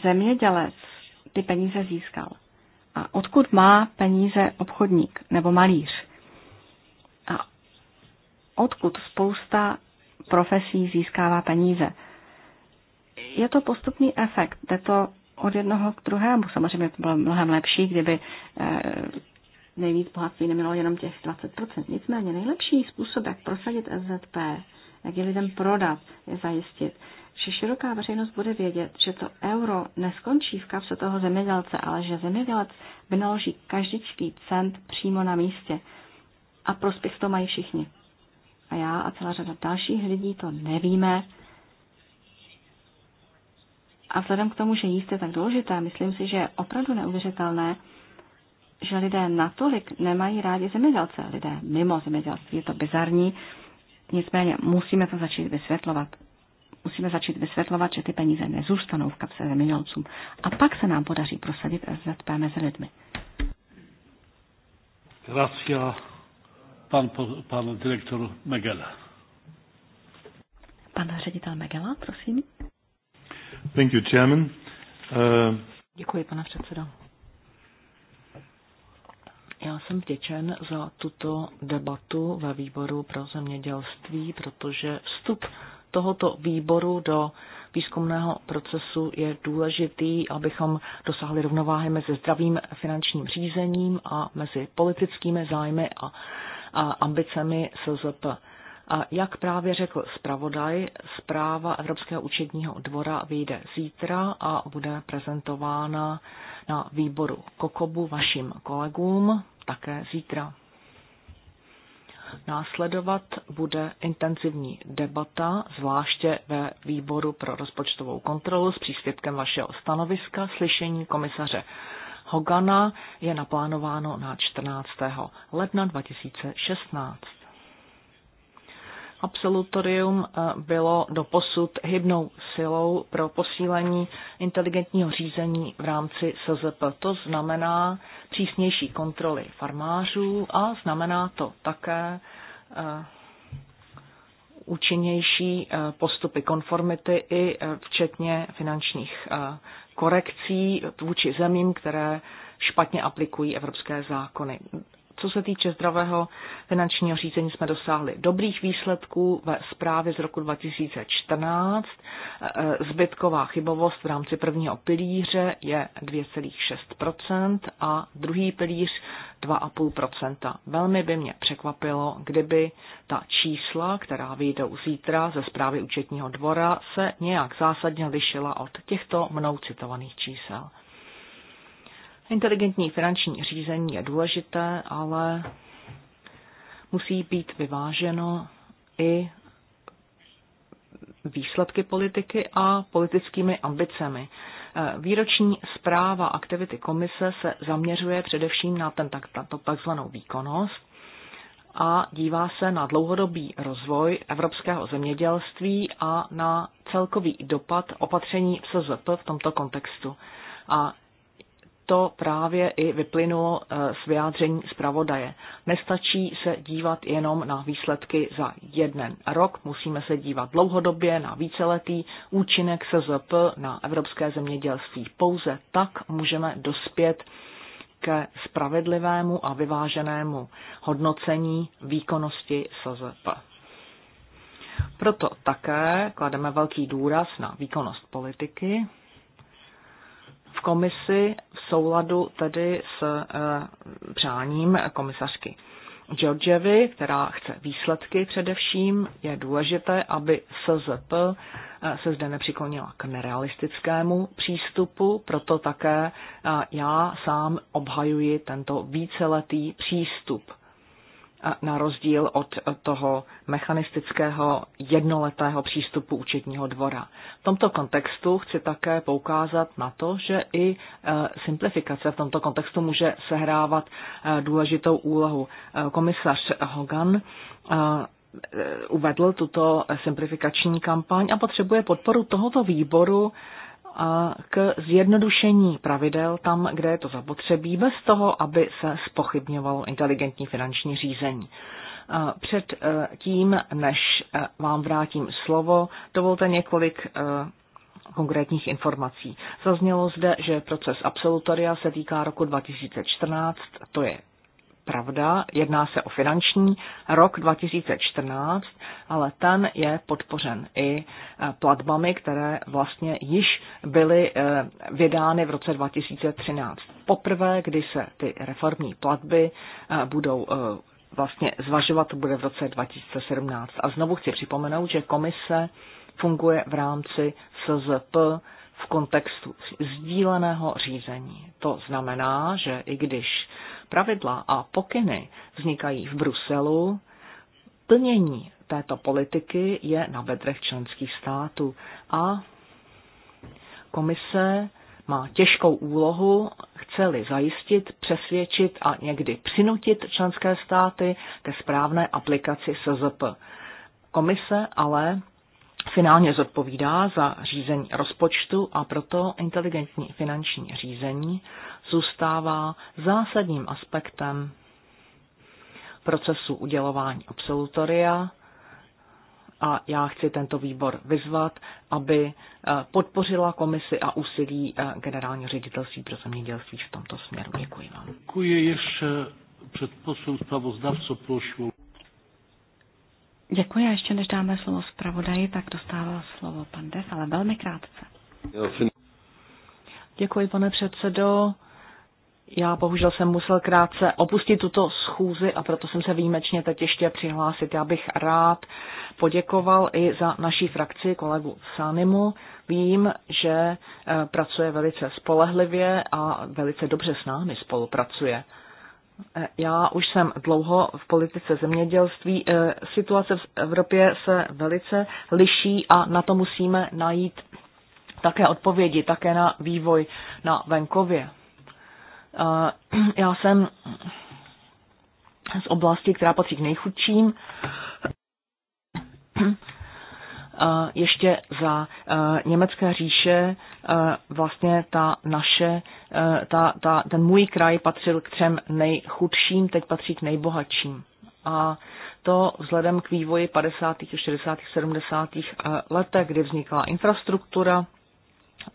zemědělec ty peníze získal? A odkud má peníze obchodník nebo malíř? A odkud spousta profesí získává peníze? Je to postupný efekt, jde to od jednoho k druhému. Samozřejmě to bylo mnohem lepší, kdyby eh, nejvíc bohatství nemělo jenom těch 20%. Nicméně nejlepší způsob, jak prosadit SZP, jak je lidem prodat, je zajistit. Že široká veřejnost bude vědět, že to euro neskončí v kapse toho zemědělce, ale že zemědělec vynaloží každičký cent přímo na místě. A prospěch to mají všichni. A já a celá řada dalších lidí to nevíme. A vzhledem k tomu, že jíst je tak důležité, myslím si, že je opravdu neuvěřitelné, že lidé natolik nemají rádi zemědělce, lidé mimo zemědělství. Je to bizarní Nicméně musíme to začít vysvětlovat. Musíme začít vysvětlovat, že ty peníze nezůstanou v kapse zemědělcům. A pak se nám podaří prosadit SZP mezi lidmi. Gracia, pan, pan direktor Megela. Pan ředitel Megela, prosím. Thank you, chairman. Uh... Děkuji, pane předsedo. Já jsem vděčen za tuto debatu ve výboru pro zemědělství, protože vstup tohoto výboru do výzkumného procesu je důležitý, abychom dosáhli rovnováhy mezi zdravým finančním řízením a mezi politickými zájmy a, a ambicemi SZP. A jak právě řekl zpravodaj, zpráva Evropského účetního dvora vyjde zítra a bude prezentována na výboru Kokobu vašim kolegům také zítra. Následovat bude intenzivní debata, zvláště ve výboru pro rozpočtovou kontrolu s příspěvkem vašeho stanoviska. Slyšení komisaře Hogana je naplánováno na 14. ledna 2016. Absolutorium eh, bylo doposud hybnou silou pro posílení inteligentního řízení v rámci SZP. To znamená přísnější kontroly farmářů a znamená to také eh, účinnější eh, postupy konformity i včetně finančních korekcí vůči zemím, které špatně aplikují evropské zákony. Co se týče zdravého finančního řízení, jsme dosáhli dobrých výsledků ve zprávě z roku 2014. E, e, zbytková chybovost v rámci prvního pilíře je 2,6% a druhý pilíř 2,5%. Velmi by mě překvapilo, kdyby ta čísla, která vyjdou zítra ze zprávy účetního dvora, se nějak zásadně lišila od těchto mnou citovaných čísel. Inteligentní finanční řízení je důležité, ale musí být vyváženo i výsledky politiky a politickými ambicemi. Eh, výroční zpráva aktivity komise se zaměřuje především na ten, tak, tato takzvanou výkonnost a dívá se na dlouhodobý rozvoj evropského zemědělství a na celkový dopad opatření v SZP v tomto kontextu. A to právě i vyplynulo eh, z vyjádření zpravodaje. Nestačí se dívat jenom na výsledky za jeden rok, musíme se dívat dlouhodobě na víceletý účinek SZP na evropské zemědělství. Pouze tak můžeme dospět ke spravedlivému a vyváženému hodnocení výkonnosti SZP. Proto také klademe velký důraz na výkonnost politiky, v komisi v souladu tedy s eh, přáním komisařky. Georgievi, která chce výsledky především, je důležité, aby SZP eh, se zde nepřiklonila k nerealistickému přístupu, proto také eh, já sám obhajuji tento víceletý přístup na rozdíl od toho mechanistického jednoletého přístupu účetního dvora. V tomto kontextu chci také poukázat na to, že i e, simplifikace v tomto kontextu může sehrávat e, důležitou úlohu. E, komisař Hogan uvedl tuto simplifikační kampaň a potřebuje podporu tohoto výboru k zjednodušení pravidel tam, kde je to zapotřebí, bez toho, aby se spochybňovalo inteligentní finanční řízení. Před e, tím, než e, vám vrátím slovo, dovolte několik e, konkrétních informací. Zaznělo zde, že proces absolutoria se týká roku 2014, to je pravda, jedná se o finanční rok 2014, ale ten je podpořen i e, platbami, které vlastně již byly e, vydány v roce 2013. Poprvé, kdy se ty reformní platby e, budou vlastně zvažovat, to bude v roce 2017. A znovu chci připomenout, že komise funguje v rámci SZP v kontextu sdíleného řízení. To znamená, že i když pravidla a pokyny vznikají v Bruselu, plnění této politiky je na bedrech členských států a komise má těžkou úlohu, chceli zajistit, přesvědčit a někdy přinutit členské státy ke správné aplikaci SZP. Komise ale finálně zodpovídá za řízení rozpočtu a proto inteligentní finanční řízení zůstává zásadním aspektem procesu udělování absolutoria a já chci tento výbor vyzvat, aby eh, podpořila komisi a úsilí eh, generálního ředitelství pro zemědělství v tomto směru. Děkuji vám. Děkuji ještě před poslou zpravodavcu prosil. Děkuji a ještě než dáme slovo zpravodaji, tak dostává slovo pan Des, ale velmi krátce. Děkuji, pane předsedo. Já bohužel jsem musel krátce opustit tuto schůzi a proto jsem se výjimečně teď ještě přihlásit. Já bych rád poděkoval i za naší frakci kolegu Sanimu. Vím, že eh, pracuje velice spolehlivě a velice dobře s námi spolupracuje. Já už jsem dlouho v politice zemědělství. Eh, situace v Evropě se velice liší a na to musíme najít také odpovědi, také na vývoj na venkově. Eh, já jsem z oblasti, která patří k nejchudším ještě za e, německé říše e, vlastně ta naše, e, ta, ta, ten můj kraj patřil k třem nejchudším, teď patří k nejbohatším. A to vzhledem k vývoji 50. 60. 70. letech, kdy vznikla infrastruktura,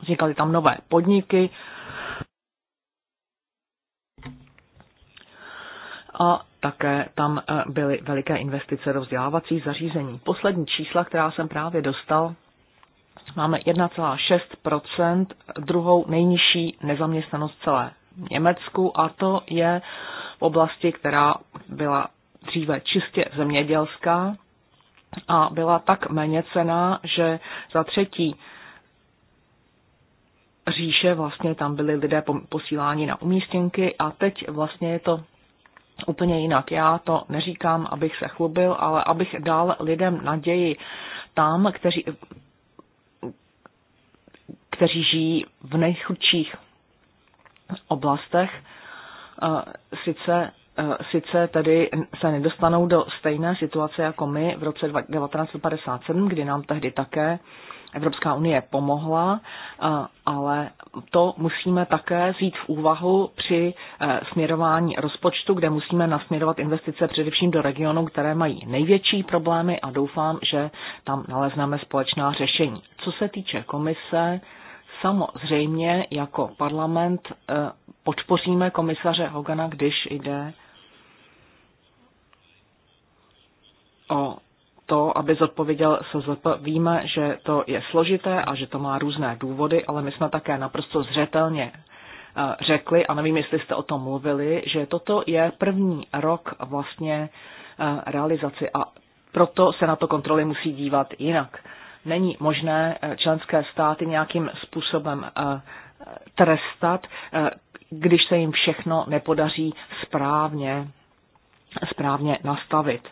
vznikaly tam nové podniky, a také tam e, byly veliké investice do vzdělávacích zařízení. Poslední čísla, která jsem právě dostal, máme 1,6 druhou nejnižší nezaměstnanost celé Německu a to je v oblasti, která byla dříve čistě zemědělská a byla tak méně cená, že za třetí říše vlastně tam byli lidé posíláni na umístěnky a teď vlastně je to úplně jinak. Já to neříkám, abych se chlubil, ale abych dal lidem naději tam, kteří, kteří žijí v nejchudších oblastech, eh, sice eh, sice tedy se nedostanou do stejné situace jako my v roce 1957, kdy nám tehdy také Evropská unie pomohla, eh, ale to musíme také vzít v úvahu při eh, směrování rozpočtu, kde musíme nasměrovat investice především do regionů, které mají největší problémy a doufám, že tam nalezneme společná řešení. Co se týče komise, samozřejmě jako parlament eh, podpoříme komisaře Hogana, když jde o to, aby zodpověděl SZP. Víme, že to je složité a že to má různé důvody, ale my jsme také naprosto zřetelně eh, řekli, a nevím, jestli jste o tom mluvili, že toto je první rok vlastně eh, realizaci a proto se na to kontroly musí dívat jinak. Není možné eh, členské státy nějakým způsobem trestat, když se jim všechno nepodaří správně, správně nastavit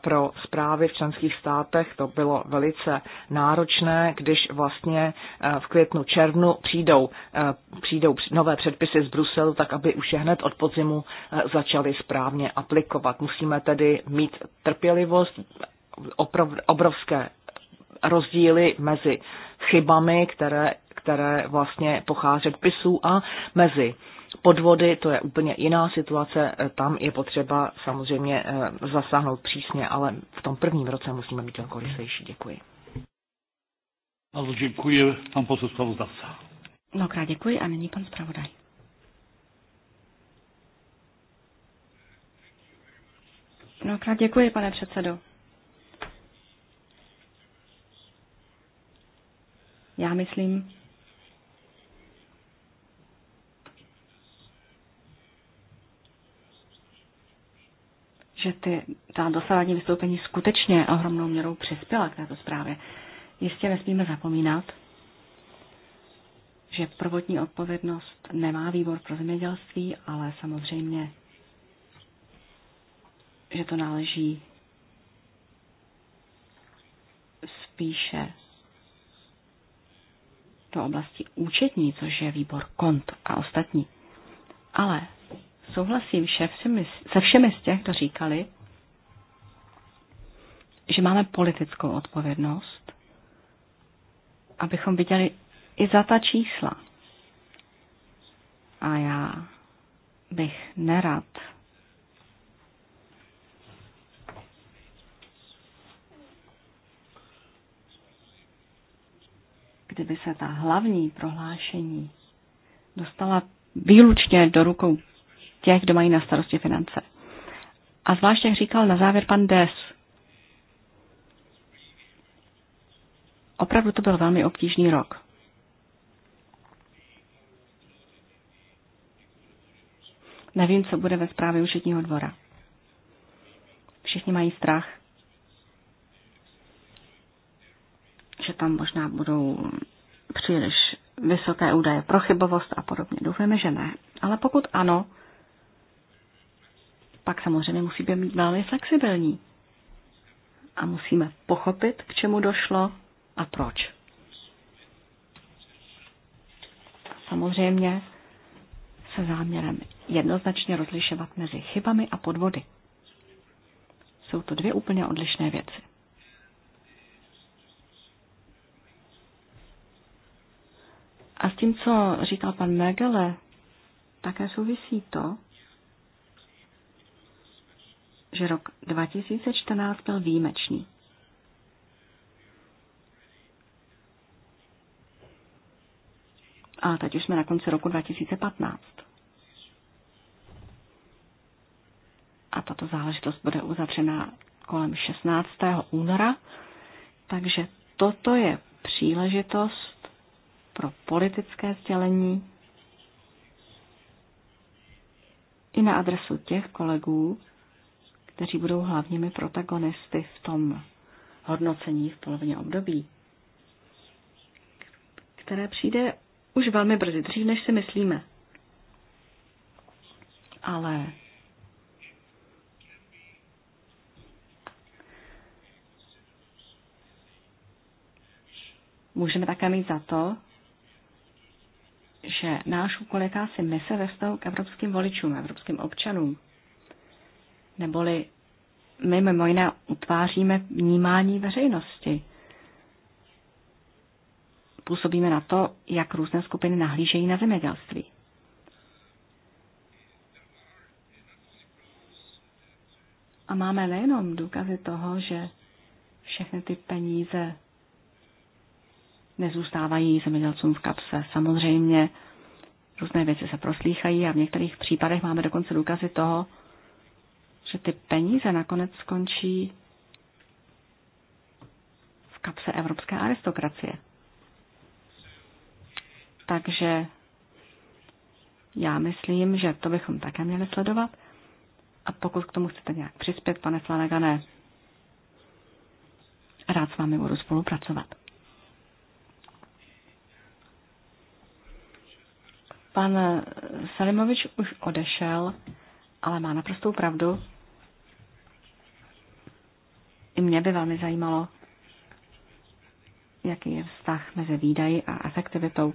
pro zprávy v členských státech to bylo velice náročné, když vlastně eh, v květnu, červnu přijdou, eh, přijdou nové předpisy z Bruselu, tak aby už je hned od podzimu eh, začaly správně aplikovat. Musíme tedy mít trpělivost, obrovské rozdíly mezi chybami, které, které vlastně pochází předpisů a mezi podvody, to je úplně jiná situace, eh, tam je potřeba samozřejmě eh, zasáhnout přísně, ale v tom prvním roce musíme být velkorysejší. Děkuji. Ano, děkuji, pan posel zpravodajca. Mnohokrát děkuji a nyní pan zpravodaj. Mnohokrát děkuji, pane předsedo. Já myslím, že ty, ta dosávání vystoupení skutečně ohromnou měrou přispěla k této zprávě. Jistě nesmíme zapomínat, že prvotní odpovědnost nemá výbor pro zemědělství, ale samozřejmě, že to náleží spíše do oblasti účetní, což je výbor kont a ostatní. Ale Souhlasím všemi, se všemi z těch, kdo říkali, že máme politickou odpovědnost, abychom viděli i za ta čísla. A já bych nerad kdyby se ta hlavní prohlášení dostala výlučně do rukou těch, kdo mají na starosti finance. A zvlášť, jak říkal na závěr pan Des, opravdu to byl velmi obtížný rok. Nevím, co bude ve zprávě účetního dvora. Všichni mají strach, že tam možná budou příliš vysoké údaje pro chybovost a podobně. Doufujeme, že ne. Ale pokud ano, pak samozřejmě musíme být velmi flexibilní. A musíme pochopit, k čemu došlo a proč. Samozřejmě se záměrem jednoznačně rozlišovat mezi chybami a podvody. Jsou to dvě úplně odlišné věci. A s tím, co říkal pan Megele, také souvisí to, že rok 2014 byl výjimečný. A teď už jsme na konci roku 2015. A tato záležitost bude uzavřena kolem 16. února, takže toto je příležitost pro politické sdělení i na adresu těch kolegů, kteří budou hlavními protagonisty v tom hodnocení v polovině období, které přijde už velmi brzy, dřív než si myslíme. Ale můžeme také mít za to, že náš úkol je si mise ve vztahu k evropským voličům, evropským občanům. Neboli my mimo jiné utváříme vnímání veřejnosti. Působíme na to, jak různé skupiny nahlížejí na zemědělství. A máme nejenom důkazy toho, že všechny ty peníze nezůstávají zemědělcům v kapse. Samozřejmě různé věci se proslýchají a v některých případech máme dokonce důkazy toho, že ty peníze nakonec skončí v kapse evropské aristokracie. Takže já myslím, že to bychom také měli sledovat. A pokud k tomu chcete nějak přispět, pane Flanagané, rád s vámi budu spolupracovat. Pan Salimovič už odešel, ale má naprostou pravdu, i mě by velmi zajímalo, jaký je vztah mezi výdaji a efektivitou.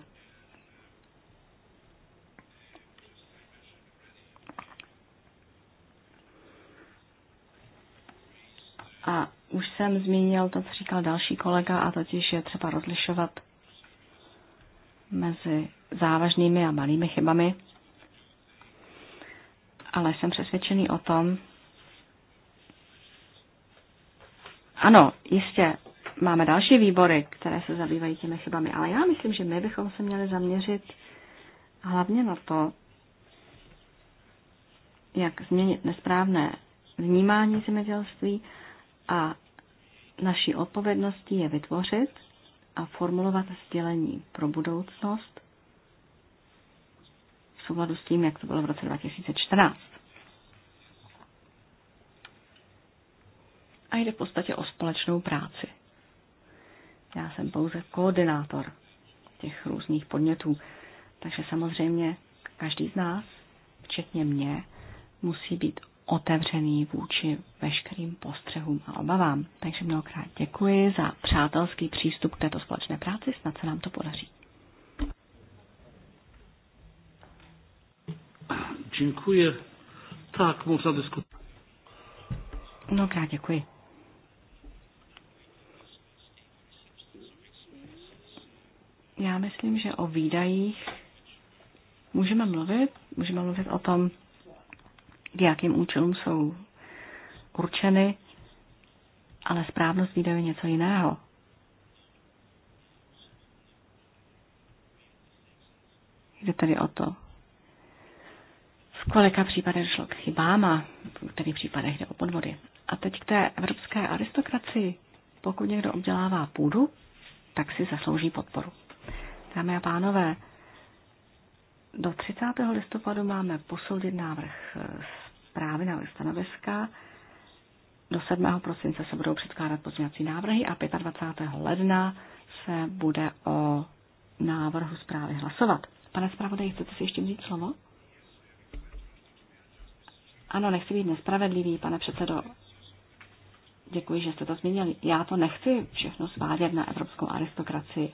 A už jsem zmínil to, co říkal další kolega, a totiž je třeba rozlišovat mezi závažnými a malými chybami. Ale jsem přesvědčený o tom, Ano, jistě, máme další výbory, které se zabývají těmi chybami, ale já myslím, že my bychom se měli zaměřit hlavně na to, jak změnit nesprávné vnímání zemědělství a naší odpovědností je vytvořit a formulovat sdělení pro budoucnost v souladu s tím, jak to bylo v roce 2014. a jde v podstatě o společnou práci. Já jsem pouze koordinátor těch různých podnětů, takže samozřejmě každý z nás, včetně mě, musí být otevřený vůči veškerým postřehům a obavám. Takže mnohokrát děkuji za přátelský přístup k této společné práci, snad se nám to podaří. Děkuji. Tak, možná diskutovat. Mnohokrát děkuji. myslím, že o výdajích můžeme mluvit. Můžeme mluvit o tom, k jakým účelům jsou určeny, ale správnost výdajů je něco jiného. Jde tedy o to, v kolika případech došlo k chybám a v kterých případech jde o podvody. A teď k té evropské aristokracii. Pokud někdo obdělává půdu, tak si zaslouží podporu. Dámy a pánové, do 30. listopadu máme posoudit návrh eh, zprávy na stanoviska. Do 7. prosince se budou předkládat pozměňovací návrhy a 25. ledna se bude o návrhu zprávy hlasovat. Pane zpravodaji, chcete si ještě vzít slovo? Ano, nechci být nespravedlivý, pane předsedo. Děkuji, že jste to změnili. Já to nechci všechno svádět na evropskou aristokracii.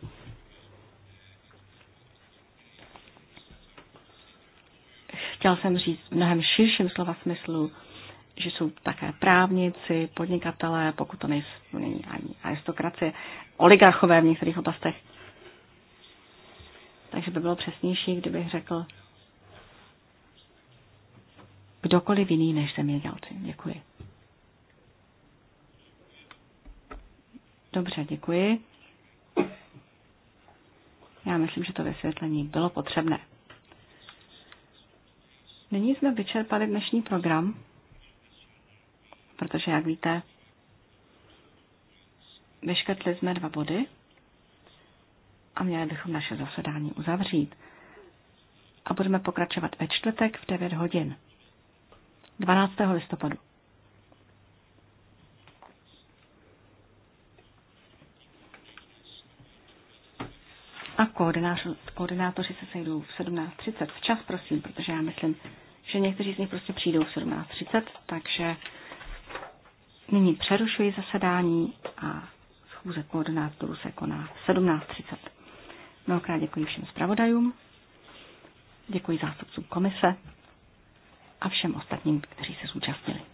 Chtěl jsem říct v mnohem širším slova smyslu, že jsou také právníci, podnikatelé, pokud to nejsou není ani aristokracie, oligarchové v některých oblastech. Takže by bylo přesnější, kdybych řekl kdokoliv jiný než zemědělci. Děkuji. Dobře, děkuji. Já myslím, že to vysvětlení bylo potřebné. Nyní jsme vyčerpali dnešní program, protože, jak víte, vyškrtli jsme dva body a měli bychom naše zasedání uzavřít. A budeme pokračovat ve čtvrtek v 9 hodin. 12. listopadu. A koordinátoři se sejdou v 17.30. Včas, prosím, protože já myslím, že někteří z nich prostě přijdou v 17.30, takže nyní přerušuji zasedání a schůze koordinátorů se koná v 17.30. Mnohokrát děkuji všem zpravodajům, děkuji zástupcům komise a všem ostatním, kteří se zúčastnili.